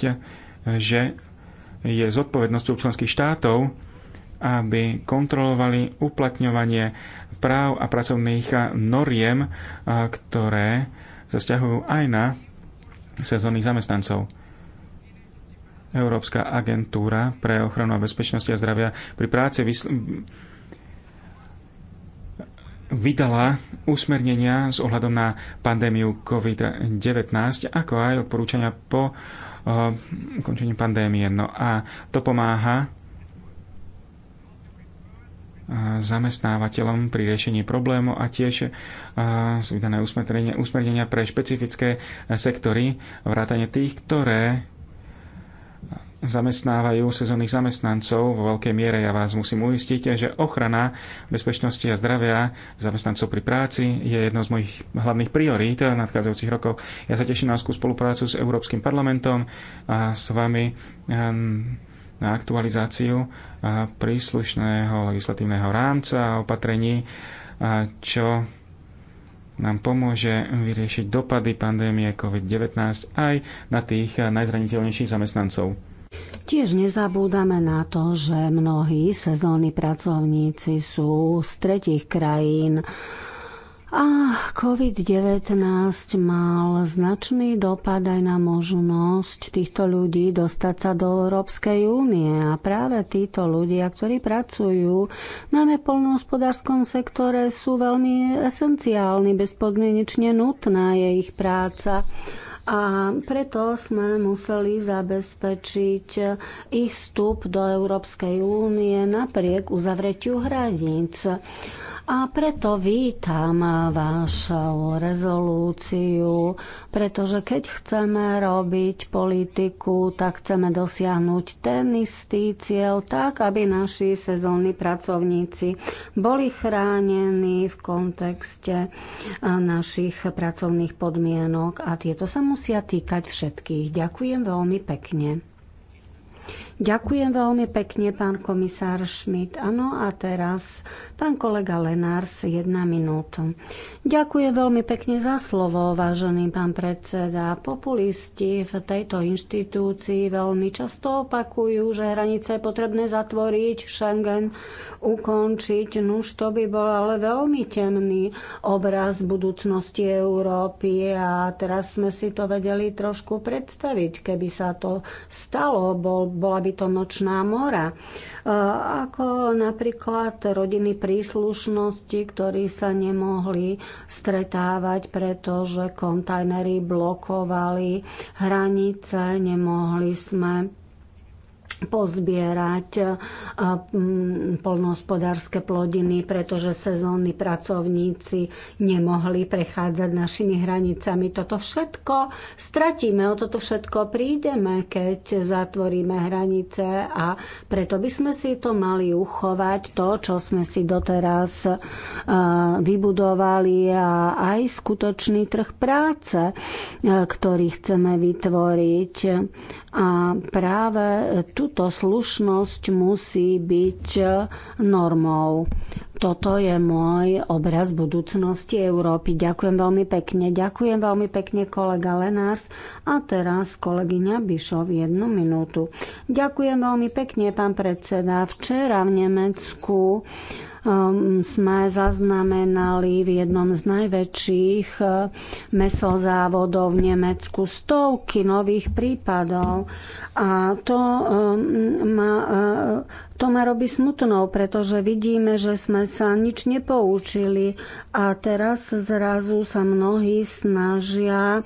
že je zodpovednosťou členských štátov, aby kontrolovali uplatňovanie práv a pracovných noriem, ktoré sa vzťahujú aj na sezónnych zamestnancov. Európska agentúra pre ochranu a bezpečnosti a zdravia pri práci vysl- vydala usmernenia s ohľadom na pandémiu COVID-19, ako aj odporúčania po ukončení pandémie. No a to pomáha zamestnávateľom pri riešení problému a tiež sú vydané usmernenia pre špecifické sektory, vrátane tých, ktoré zamestnávajú sezónnych zamestnancov vo veľkej miere. Ja vás musím uistiť, že ochrana bezpečnosti a zdravia zamestnancov pri práci je jednou z mojich hlavných priorít nadchádzajúcich rokov. Ja sa teším na úzkú spoluprácu s Európskym parlamentom a s vami na aktualizáciu príslušného legislatívneho rámca a opatrení, čo nám pomôže vyriešiť dopady pandémie COVID-19 aj na tých najzraniteľnejších zamestnancov. Tiež nezabúdame na to, že mnohí sezónni pracovníci sú z tretich krajín, a COVID-19 mal značný dopad aj na možnosť týchto ľudí dostať sa do Európskej únie. A práve títo ľudia, ktorí pracujú najmä v polnohospodárskom sektore, sú veľmi esenciálni, bezpodmienečne nutná je ich práca. A preto sme museli zabezpečiť ich vstup do Európskej únie napriek uzavretiu hraníc. A preto vítam eh, vašu rezolúciu, pretože keď chceme robiť politiku, tak chceme dosiahnuť ten istý cieľ, tak aby naši sezónni pracovníci boli chránení v kontexte eh, našich pracovných podmienok a tieto sa musia týkať všetkých. Ďakujem veľmi pekne. Ďakujem veľmi pekne, pán komisár Schmidt. Áno, a teraz pán kolega Lenárs, jedna minútu. Ďakujem veľmi pekne za slovo, vážený pán predseda. Populisti v tejto inštitúcii veľmi často opakujú, že hranice je potrebné zatvoriť, Schengen ukončiť. Nuž to by bol ale veľmi temný obraz budúcnosti Európy a teraz sme si to vedeli trošku predstaviť. Keby sa to stalo, bol bola by to nočná mora. E, ako napríklad rodiny príslušnosti, ktorí sa nemohli stretávať, pretože kontajnery blokovali hranice, nemohli sme pozbierať e, polnohospodárske plodiny, pretože sezónni pracovníci nemohli prechádzať našimi hranicami. Toto všetko stratíme, o toto všetko prídeme, keď zatvoríme hranice a preto by sme si to mali uchovať, to, čo sme si doteraz e, vybudovali a aj skutočný trh práce, e, ktorý chceme vytvoriť a práve túto slušnosť musí byť normou. Toto je môj obraz budúcnosti Európy. Ďakujem veľmi pekne. Ďakujem veľmi pekne kolega Lenárs. A teraz kolegyňa Bišov jednu minútu. Ďakujem veľmi pekne, pán predseda. Včera v Nemecku Ehm, sme zaznamenali v jednom z najväčších eh, mesozávodov v Nemecku stovky nových prípadov. A to ehm, ma, eh, to ma robí smutnou, pretože vidíme, že sme sa nič nepoučili a teraz zrazu sa mnohí snažia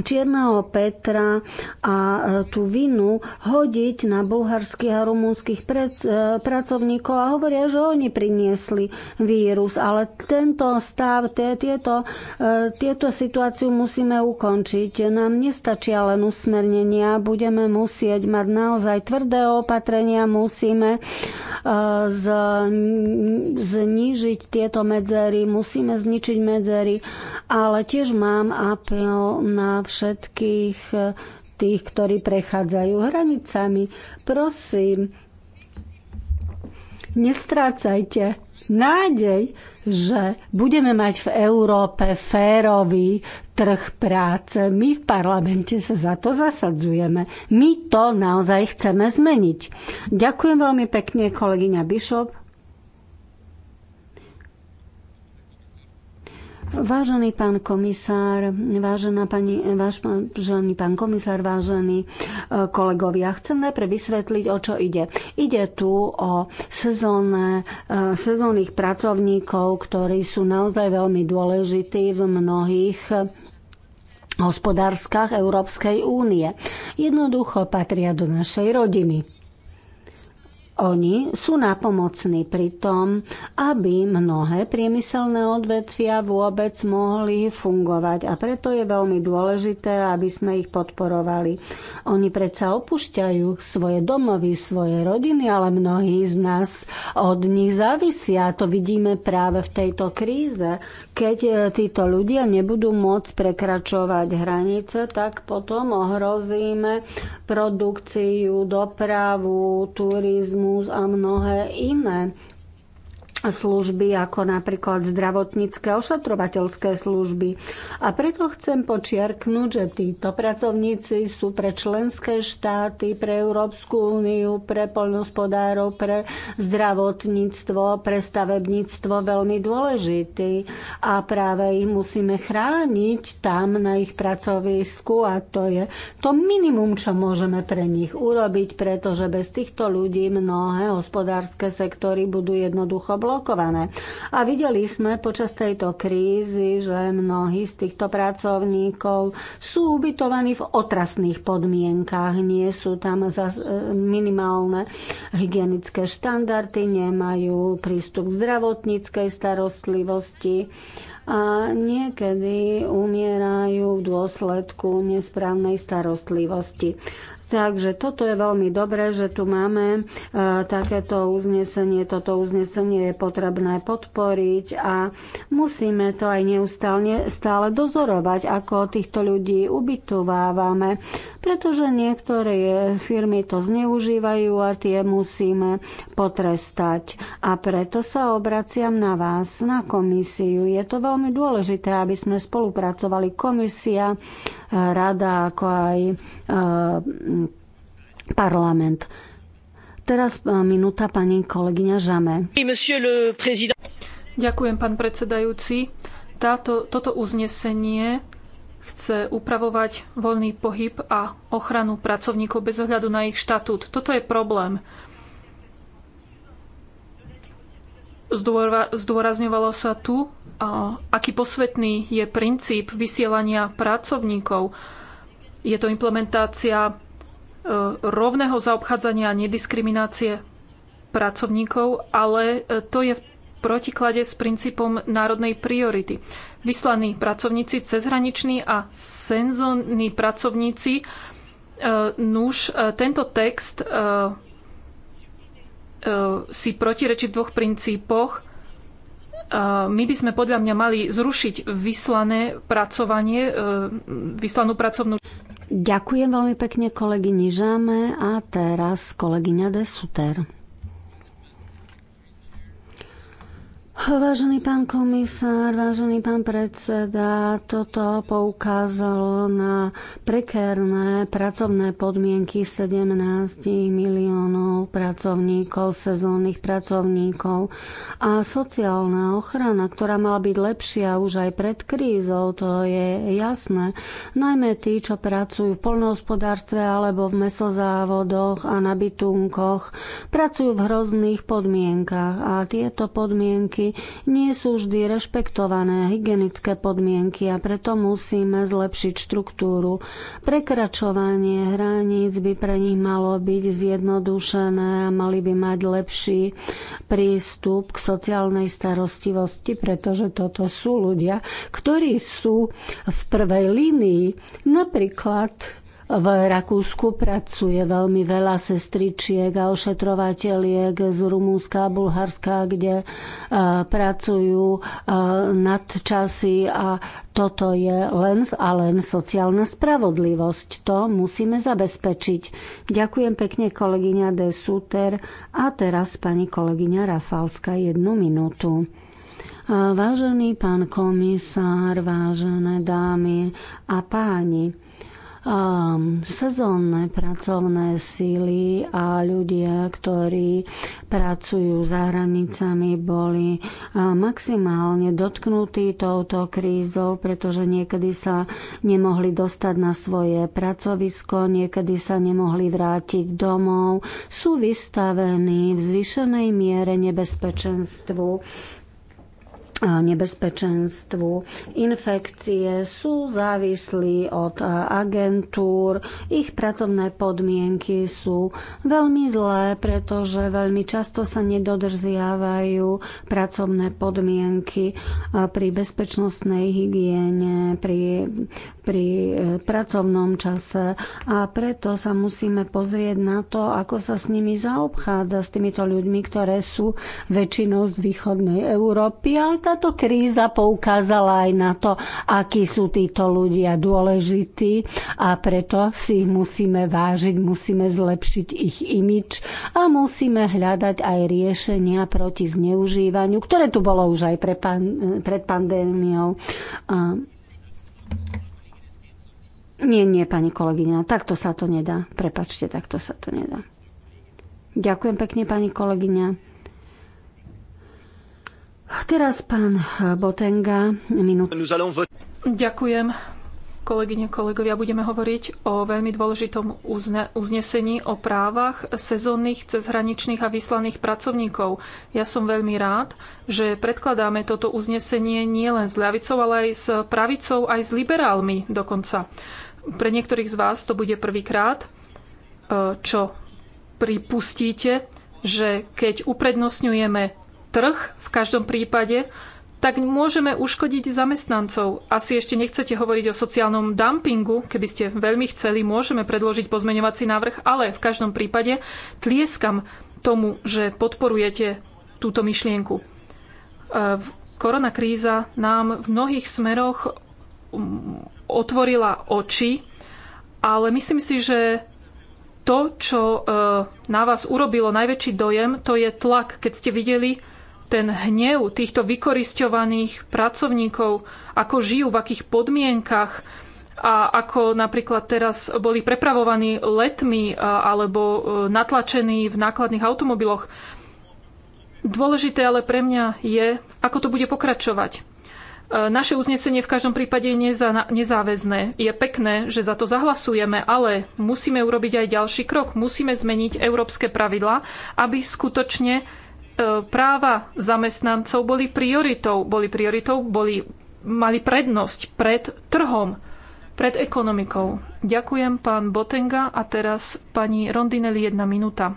Čierneho Petra a e, tú vinu hodiť na bulharských a rumúnskych e, pracovníkov a hovoria, že oni priniesli vírus. Ale tento stav, tieto, e, tieto situáciu musíme ukončiť. Nám nestačia len usmernenia, budeme musieť mať naozaj tvrdé opatrenia, musíme znížiť tieto medzery, musíme zničiť medzery, ale tiež mám apel na všetkých e, tých, ktorí prechádzajú hranicami. Prosím, nestrácajte nádej, že budeme mať v Európe férový trh práce. My v parlamente sa za to zasadzujeme. My to naozaj chceme zmeniť. Ďakujem veľmi pekne, kolegyňa Bishop. Vážený pán komisár, vážená pani, vážený pán komisár, vážení e, kolegovia, chcem najprv vysvetliť, o čo ide. Ide tu o sezónne, e, sezónnych pracovníkov, ktorí sú naozaj veľmi dôležití v mnohých hospodárskach Európskej únie. Jednoducho patria do našej rodiny. Oni sú napomocní pri tom, aby mnohé priemyselné odvetvia vôbec mohli fungovať a preto je veľmi dôležité, aby sme ich podporovali. Oni predsa opúšťajú svoje domovy, svoje rodiny, ale mnohí z nás od nich závisia. To vidíme práve v tejto kríze. Keď e, títo ľudia nebudú môcť prekračovať hranice, tak potom ohrozíme produkciu, dopravu, turizmu, terorizmus a mnohé iné služby, ako napríklad zdravotnícke a ošetrovateľské služby. A preto chcem počiarknúť, že títo pracovníci sú pre členské štáty, pre Európsku úniu, pre poľnohospodárov, pre zdravotníctvo, pre stavebníctvo veľmi dôležití. A práve ich musíme chrániť tam na ich pracovisku a to je to minimum, čo môžeme pre nich urobiť, pretože bez týchto ľudí mnohé hospodárske sektory budú jednoducho blokované. A videli sme počas tejto krízy, že mnohí z týchto pracovníkov sú ubytovaní v otrasných podmienkach, nie sú tam e, minimálne hygienické štandardy, nemajú prístup k zdravotníckej starostlivosti a niekedy umierajú v dôsledku nesprávnej starostlivosti. Takže toto je veľmi dobré, že tu máme e, takéto uznesenie. Toto uznesenie je potrebné podporiť a musíme to aj neustále stále dozorovať, ako týchto ľudí ubytovávame, pretože niektoré firmy to zneužívajú a tie musíme potrestať. A preto sa obraciam na vás, na komisiu. Je to veľmi dôležité, aby sme spolupracovali komisia rada, ako aj e, parlament. Teraz e, minúta pani kolegyňa Žame. Ďakujem, pán predsedajúci. Táto, toto uznesenie chce upravovať voľný pohyb a ochranu pracovníkov bez ohľadu na ich štatút. Toto je problém. Zdôrazňovalo sa tu, aký posvetný je princíp vysielania pracovníkov. Je to implementácia e, rovného zaobchádzania a nediskriminácie pracovníkov, ale e, to je v protiklade s princípom národnej priority. Vyslaní pracovníci, cezhraniční a senzónni pracovníci, e, nuž, tento text E, si protirečí v dvoch princípoch. E, my by sme podľa mňa mali zrušiť vyslané pracovanie, e, vyslanú pracovnú. Ďakujem veľmi pekne kolegyni Žáme a teraz kolegyňa Desuter. Vážený pán komisár, vážený pán predseda, toto poukázalo na prekérne pracovné podmienky 17 miliónov pracovníkov, sezónnych pracovníkov a sociálna ochrana, ktorá mala byť lepšia už aj pred krízou, to je jasné. Najmä tí, čo pracujú v polnohospodárstve alebo v mesozávodoch a na bytunkoch, pracujú v hrozných podmienkach a tieto podmienky podmienky nie sú vždy rešpektované, hygienické podmienky a preto musíme zlepšiť štruktúru. Prekračovanie hraníc by pre nich malo byť zjednodušené a mali by mať lepší prístup k sociálnej starostlivosti, pretože toto sú ľudia, ktorí sú v prvej línii. Napríklad v Rakúsku pracuje veľmi veľa sestričiek a ošetrovateľiek z Rumúnska a Bulharska, kde e, pracujú e, nadčasy a toto je len a len sociálna spravodlivosť. To musíme zabezpečiť. Ďakujem pekne kolegyňa De Suter a teraz pani kolegyňa Rafalska jednu minútu. E, vážený pán komisár, vážené dámy a páni, sezónne pracovné síly a ľudia, ktorí pracujú za hranicami, boli maximálne dotknutí touto krízou, pretože niekedy sa nemohli dostať na svoje pracovisko, niekedy sa nemohli vrátiť domov, sú vystavení v zvýšenej miere nebezpečenstvu nebezpečenstvu. Infekcie sú závislí od e, agentúr, ich pracovné podmienky sú veľmi zlé, pretože veľmi často sa nedodržiavajú pracovné podmienky e, pri bezpečnostnej hygiene, pri, pri e, pracovnom čase a preto sa musíme pozrieť na to, ako sa s nimi zaobchádza, s týmito ľuďmi, ktoré sú väčšinou z východnej Európy, ale tá táto kríza poukázala aj na to, akí sú títo ľudia dôležití a preto si ich musíme vážiť, musíme zlepšiť ich imič a musíme hľadať aj riešenia proti zneužívaniu, ktoré tu bolo už aj pre pan, pred pandémiou. Nie, nie, pani kolegyňa, takto sa to nedá. Prepačte, takto sa to nedá. Ďakujem pekne, pani kolegyňa. Teraz pán Botenga, minútu. Ďakujem. Kolegyne, kolegovia, budeme hovoriť o veľmi dôležitom uznesení o právach sezónnych, cezhraničných a vyslaných pracovníkov. Ja som veľmi rád, že predkladáme toto uznesenie nielen s ľavicou, ale aj s pravicou, aj s liberálmi dokonca. Pre niektorých z vás to bude prvýkrát, e, čo pripustíte, že keď uprednostňujeme trh v každom prípade, tak môžeme uškodiť zamestnancov. Asi ešte nechcete hovoriť o sociálnom dumpingu, keby ste veľmi chceli, môžeme predložiť pozmeňovací návrh, ale v každom prípade tlieskam tomu, že podporujete túto myšlienku. E, korona kríza nám v mnohých smeroch mm, otvorila oči, ale myslím si, že to, čo e, na vás urobilo najväčší dojem, to je tlak, keď ste videli, ten hnev týchto vykorisťovaných pracovníkov, ako žijú, v akých podmienkach a ako napríklad teraz boli prepravovaní letmi e, alebo e, natlačení v nákladných automobiloch. Dôležité ale pre mňa je, ako to bude pokračovať. E, naše uznesenie v každom prípade je nezáväzné. Je pekné, že za to zahlasujeme, ale musíme urobiť aj ďalší krok. Musíme zmeniť európske pravidlá, aby skutočne E, práva zamestnancov boli prioritou. Boli prioritou, boli, mali prednosť pred trhom, pred ekonomikou. Ďakujem pán Botenga a teraz pani Rondinelli jedna minúta.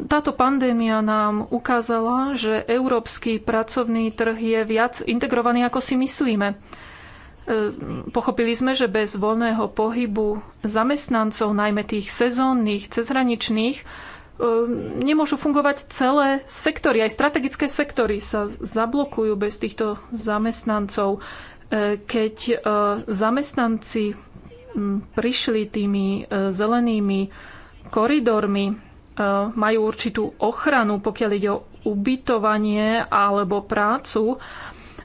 Táto pandémia nám ukázala, že európsky pracovný trh je viac integrovaný, ako si myslíme. Ehm, pochopili sme, že bez voľného pohybu zamestnancov, najmä tých sezónnych, cezhraničných, ehm, nemôžu fungovať celé sektory. Aj strategické sektory sa zablokujú bez týchto zamestnancov. Ehm, keď zamestnanci prišli tými zelenými koridormi, majú určitú ochranu, pokiaľ ide o ubytovanie alebo prácu,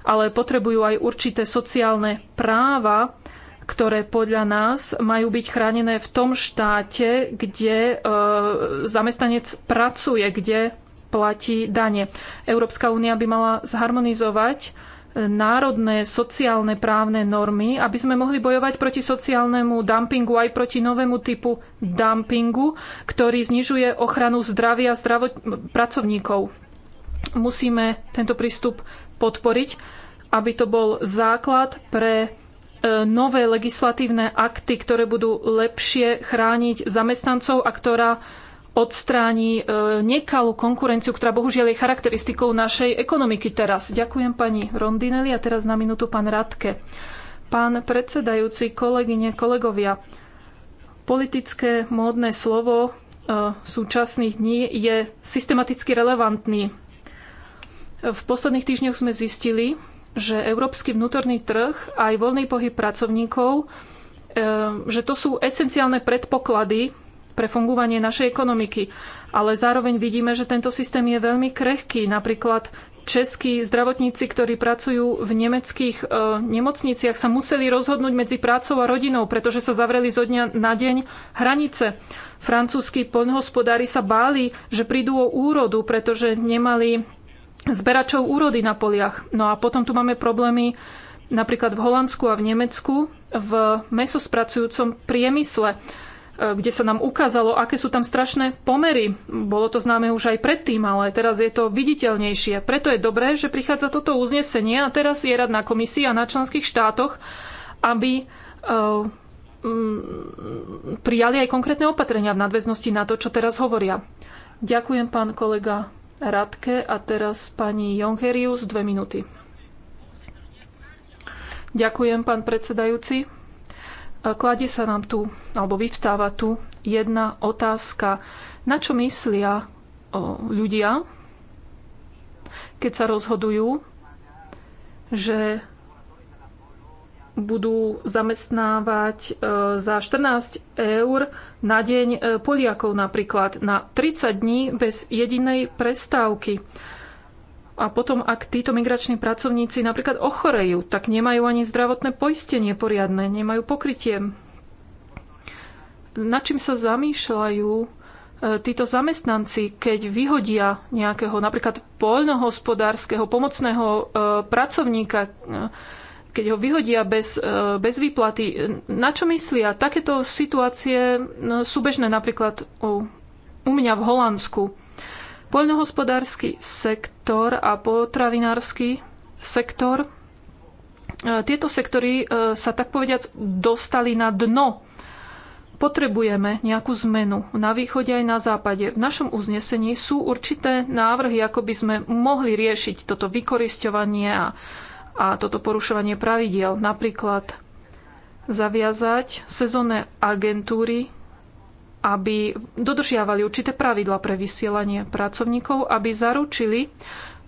ale potrebujú aj určité sociálne práva, ktoré podľa nás majú byť chránené v tom štáte, kde e, zamestnanec pracuje, kde platí dane. Európska únia by mala zharmonizovať e, národné sociálne právne normy, aby sme mohli bojovať proti sociálnemu dumpingu aj proti novému typu dumpingu, ktorý znižuje ochranu zdravia zdravot- pracovníkov. Musíme tento prístup podporiť, aby to bol základ pre e, nové legislatívne akty, ktoré budú lepšie chrániť zamestnancov a ktorá odstráni e, nekalú konkurenciu, ktorá bohužiaľ je charakteristikou našej ekonomiky teraz. Ďakujem pani Rondinelli a teraz na minútu pán Radke. Pán predsedajúci, kolegyne, kolegovia, politické módne slovo e, súčasných dní je systematicky relevantný v posledných týždňoch sme zistili, že európsky vnútorný trh a aj voľný pohyb pracovníkov, e, že to sú esenciálne predpoklady pre fungovanie našej ekonomiky. Ale zároveň vidíme, že tento systém je veľmi krehký. Napríklad českí zdravotníci, ktorí pracujú v nemeckých e, nemocniciach, sa museli rozhodnúť medzi prácou a rodinou, pretože sa zavreli zo dňa na deň hranice. Francúzski poľnohospodári sa báli, že prídu o úrodu, pretože nemali zberačov úrody na poliach. No a potom tu máme problémy napríklad v Holandsku a v Nemecku v mesospracujúcom priemysle e, kde sa nám ukázalo, aké sú tam strašné pomery. Bolo to známe už aj predtým, ale teraz je to viditeľnejšie. Preto je dobré, že prichádza toto uznesenie a teraz je rad na komisii a na členských štátoch, aby uh, prijali aj konkrétne opatrenia v nadväznosti na to, čo teraz hovoria. Ďakujem, pán kolega Radke a teraz pani Jongerius, dve minúty. Ďakujem, pán predsedajúci. Kladie sa nám tu, alebo vyvstáva tu jedna otázka. Na čo myslia ľudia, keď sa rozhodujú, že budú zamestnávať e, za 14 eur na deň e, Poliakov napríklad na 30 dní bez jedinej prestávky. A potom, ak títo migrační pracovníci napríklad ochorejú, tak nemajú ani zdravotné poistenie poriadne, nemajú pokrytie. Na čím sa zamýšľajú e, títo zamestnanci, keď vyhodia nejakého napríklad poľnohospodárskeho pomocného pracovníka, keď ho vyhodia bez, e, bez výplaty. Na čo myslia? Takéto situácie e, sú bežné napríklad u, u mňa v Holandsku. Poľnohospodársky sektor a potravinársky sektor, e, tieto sektory sa tak povediať dostali na dno. Potrebujeme nejakú zmenu na východe aj na západe. V našom uznesení sú určité návrhy, ako by sme mohli riešiť toto vykorisťovanie a a toto porušovanie pravidiel. Napríklad zaviazať sezónne agentúry, aby dodržiavali určité pravidla pre vysielanie pracovníkov, aby zaručili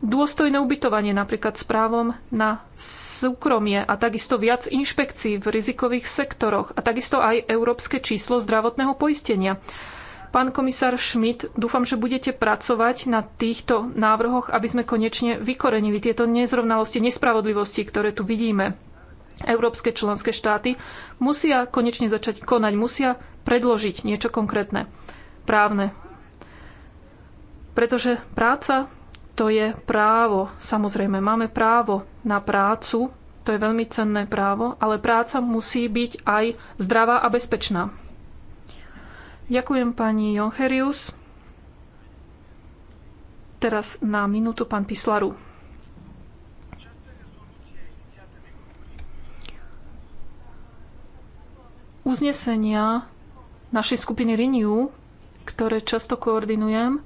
dôstojné ubytovanie napríklad s právom na súkromie a takisto viac inšpekcií v rizikových sektoroch a takisto aj európske číslo zdravotného poistenia. Pán komisár Schmidt, dúfam, že budete pracovať na týchto návrhoch, aby sme konečne vykorenili tieto nezrovnalosti, nespravodlivosti, ktoré tu vidíme. Európske členské štáty musia konečne začať konať, musia predložiť niečo konkrétne, právne. Pretože práca to je právo. Samozrejme, máme právo na prácu, to je veľmi cenné právo, ale práca musí byť aj zdravá a bezpečná. Ďakujem pani Jonherius. Teraz na minútu pán Pislaru. Uznesenia našej skupiny Renew, ktoré často koordinujem,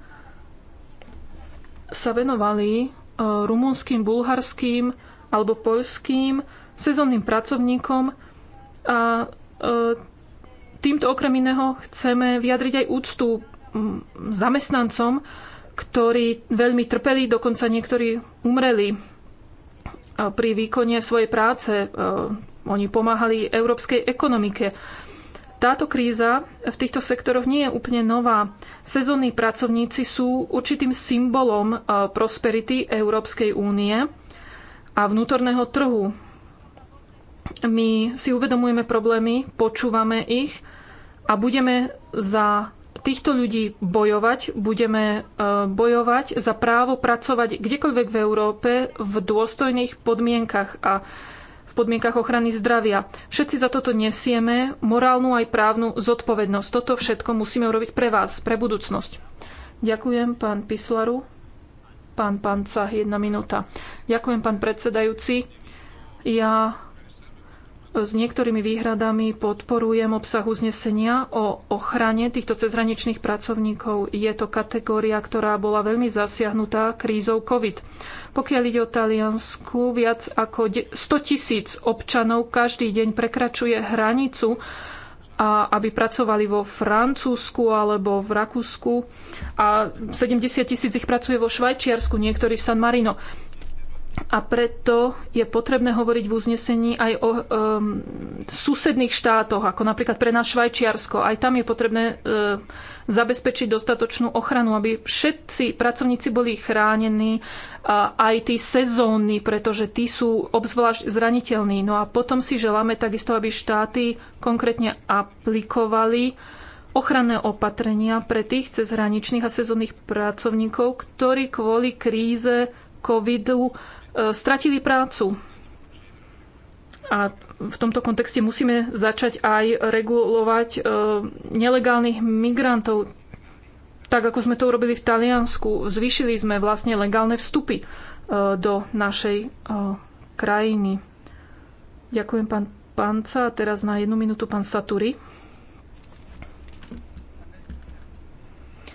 sa venovali e, rumunským, bulharským alebo poľským sezónnym pracovníkom a e, týmto okrem iného chceme vyjadriť aj úctu zamestnancom, ktorí veľmi trpeli, dokonca niektorí umreli e, pri výkone svojej práce. E, oni pomáhali európskej ekonomike. Táto kríza v týchto sektoroch nie je úplne nová. Sezónni pracovníci sú určitým symbolom e, prosperity Európskej únie a vnútorného trhu. My si uvedomujeme problémy, počúvame ich a budeme za týchto ľudí bojovať, budeme e, bojovať za právo pracovať kdekoľvek v Európe v dôstojných podmienkach a v podmienkach ochrany zdravia. Všetci za toto nesieme morálnu aj právnu zodpovednosť. Toto všetko musíme urobiť pre vás, pre budúcnosť. Ďakujem pán Pislaru. Pán Panca, jedna minúta. Ďakujem pán predsedajúci. Ja s niektorými výhradami podporujem obsah uznesenia o ochrane týchto cezhraničných pracovníkov. Je to kategória, ktorá bola veľmi zasiahnutá krízou COVID. Pokiaľ ide o Taliansku, viac ako 100 tisíc občanov každý deň prekračuje hranicu a aby pracovali vo Francúzsku alebo v Rakúsku a 70 tisíc ich pracuje vo Švajčiarsku, niektorí v San Marino a preto je potrebné hovoriť v uznesení aj o um, susedných štátoch, ako napríklad pre nás Švajčiarsko. Aj tam je potrebné um, zabezpečiť dostatočnú ochranu, aby všetci pracovníci boli chránení, a aj tí sezónni, pretože tí sú obzvlášť zraniteľní. No a potom si želáme takisto, aby štáty konkrétne aplikovali ochranné opatrenia pre tých cezhraničných a sezónnych pracovníkov, ktorí kvôli kríze covidu E, stratili prácu. A v tomto kontexte musíme začať aj regulovať e, nelegálnych migrantov, tak ako sme to urobili v Taliansku. Zvýšili sme vlastne legálne vstupy e, do našej krajiny. Ďakujem pán Panca. A teraz na jednu minútu pán Saturi.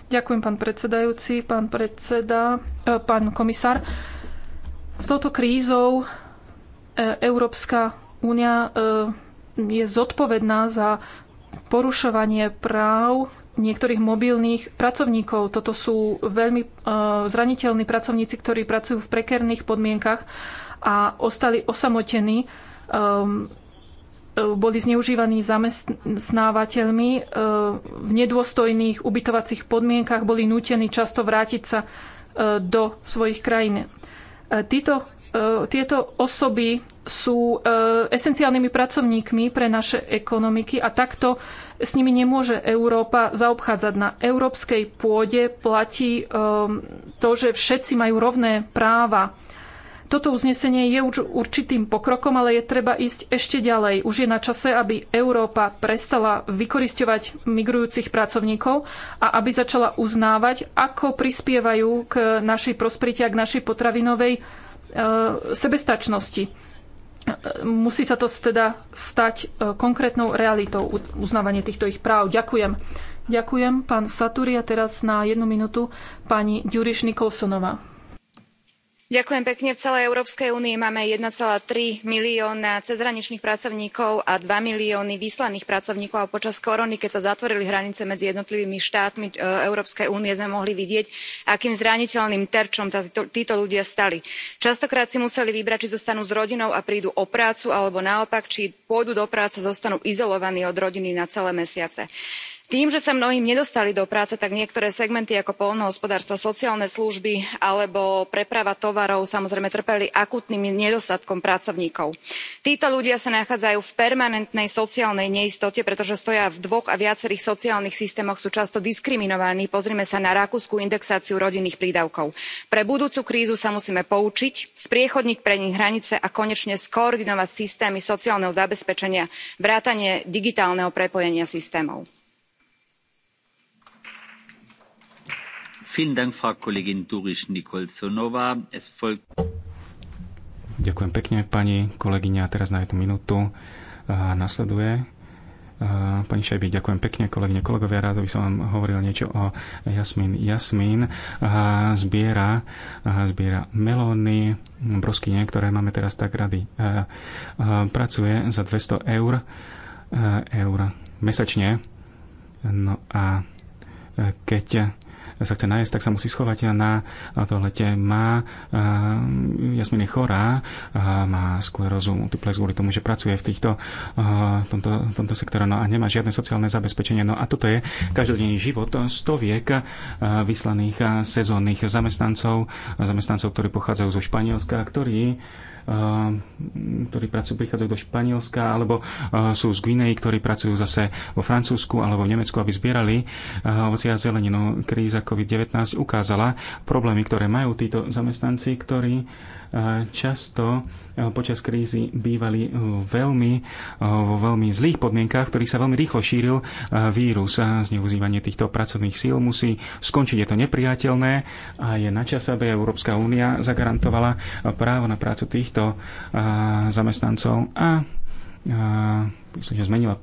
Ďakujem pán predsedajúci, pán predseda, pán komisár. S touto krízou e, Európska únia e, je zodpovedná za porušovanie práv niektorých mobilných pracovníkov. Toto sú veľmi e, zraniteľní pracovníci, ktorí pracujú v prekerných podmienkach a ostali osamotení. Ehm, boli zneužívaní zamestnávateľmi v nedôstojných ubytovacích podmienkach, boli nútení často vrátiť sa do svojich krajín. E, títo, e, tieto osoby sú e, esenciálnymi pracovníkmi pre naše ekonomiky a takto s nimi nemôže Európa zaobchádzať. Na európskej pôde platí to, že všetci majú rovné práva toto uznesenie je už určitým pokrokom, ale je treba ísť ešte ďalej. Už je na čase, aby Európa prestala vykorisťovať migrujúcich pracovníkov a aby začala uznávať, ako prispievajú k našej prosperite a k našej potravinovej e, sebestačnosti. Musí sa to teda stať e, konkrétnou realitou uznávanie týchto ich práv. Ďakujem. Ďakujem, pán Saturi. A teraz na jednu minútu pani Ďuriš Nikolsonová. Ďakujem pekne. V celej Európskej únii máme 1,3 milióna cezhraničných pracovníkov a two milióny vyslaných pracovníkov a počas korony, keď sa zatvorili hranice medzi jednotlivými štátmi e, Európskej únie, sme mohli vidieť, akým zraniteľným terčom títo, títo ľudia stali. Častokrát si museli vybrať, či zostanú s rodinou a prídu o prácu, alebo naopak, či pôjdu do práce, zostanú izolovaní od rodiny na celé mesiace tým že sa mnohým nedostali do práce tak niektoré segmenty ako poľnohospodárstvo sociálne služby alebo preprava tovarov samozrejme trpeli akútnym nedostatkom pracovníkov. títo ľudia sa nachádzajú v permanentnej sociálnej neistote pretože stoja v dvoch a viacerých sociálnych systémoch sú často diskriminovaní pozrime sa na rakúsku indexáciu rodinných prídavkov. pre budúcu krízu sa musíme poučiť spriechodniť pre nich hranice a konečne skoordinovať systémy sociálneho zabezpečenia vrátane digitálneho prepojenia systémov. Ďakujem pekne, pani kolegyňa. Teraz na jednu minútu nasleduje Pani Šajby, ďakujem pekne, kolegyne, kolegovia. Rád by som vám hovoril niečo o Jasmín. Jasmín zbiera, zbiera melóny, broskyne, ktoré máme teraz tak rady. Pracuje za 200 eur, eur mesačne. No a keď sa chce nájsť, tak sa musí schovať na toalete. Má, Jasmin je chorá, má sklerózu multiplex kvôli tomu, že pracuje v týchto, tomto, tomto sektore no a nemá žiadne sociálne zabezpečenie. No a toto je každodenný život stoviek vyslaných sezónnych zamestnancov, zamestnancov, ktorí pochádzajú zo Španielska, ktorí Eh, ktorí pracujú, prichádzajú do Španielska, alebo eh, sú z Guinei, ktorí pracujú zase vo Francúzsku alebo v Nemecku, aby zbierali eh, ovocia a zeleninu. Kríza COVID-19 ukázala problémy, ktoré majú títo zamestnanci, ktorí často počas krízy bývali e, veľmi, e, vo veľmi zlých podmienkách, ktorý sa veľmi rýchlo šíril e, vírus. Zneužívanie týchto pracovných síl musí skončiť. Je to nepriateľné a je na čas, aby Európska únia zagarantovala právo na prácu týchto zamestnancov a myslím, že zmenila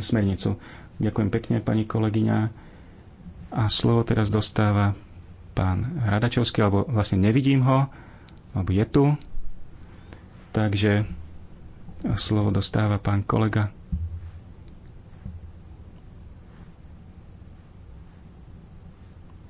smernicu. Ďakujem pekne, pani kolegyňa. A slovo teraz dostáva pán Radačovský, alebo vlastne nevidím ho alebo je tu. Takže slovo dostáva pán kolega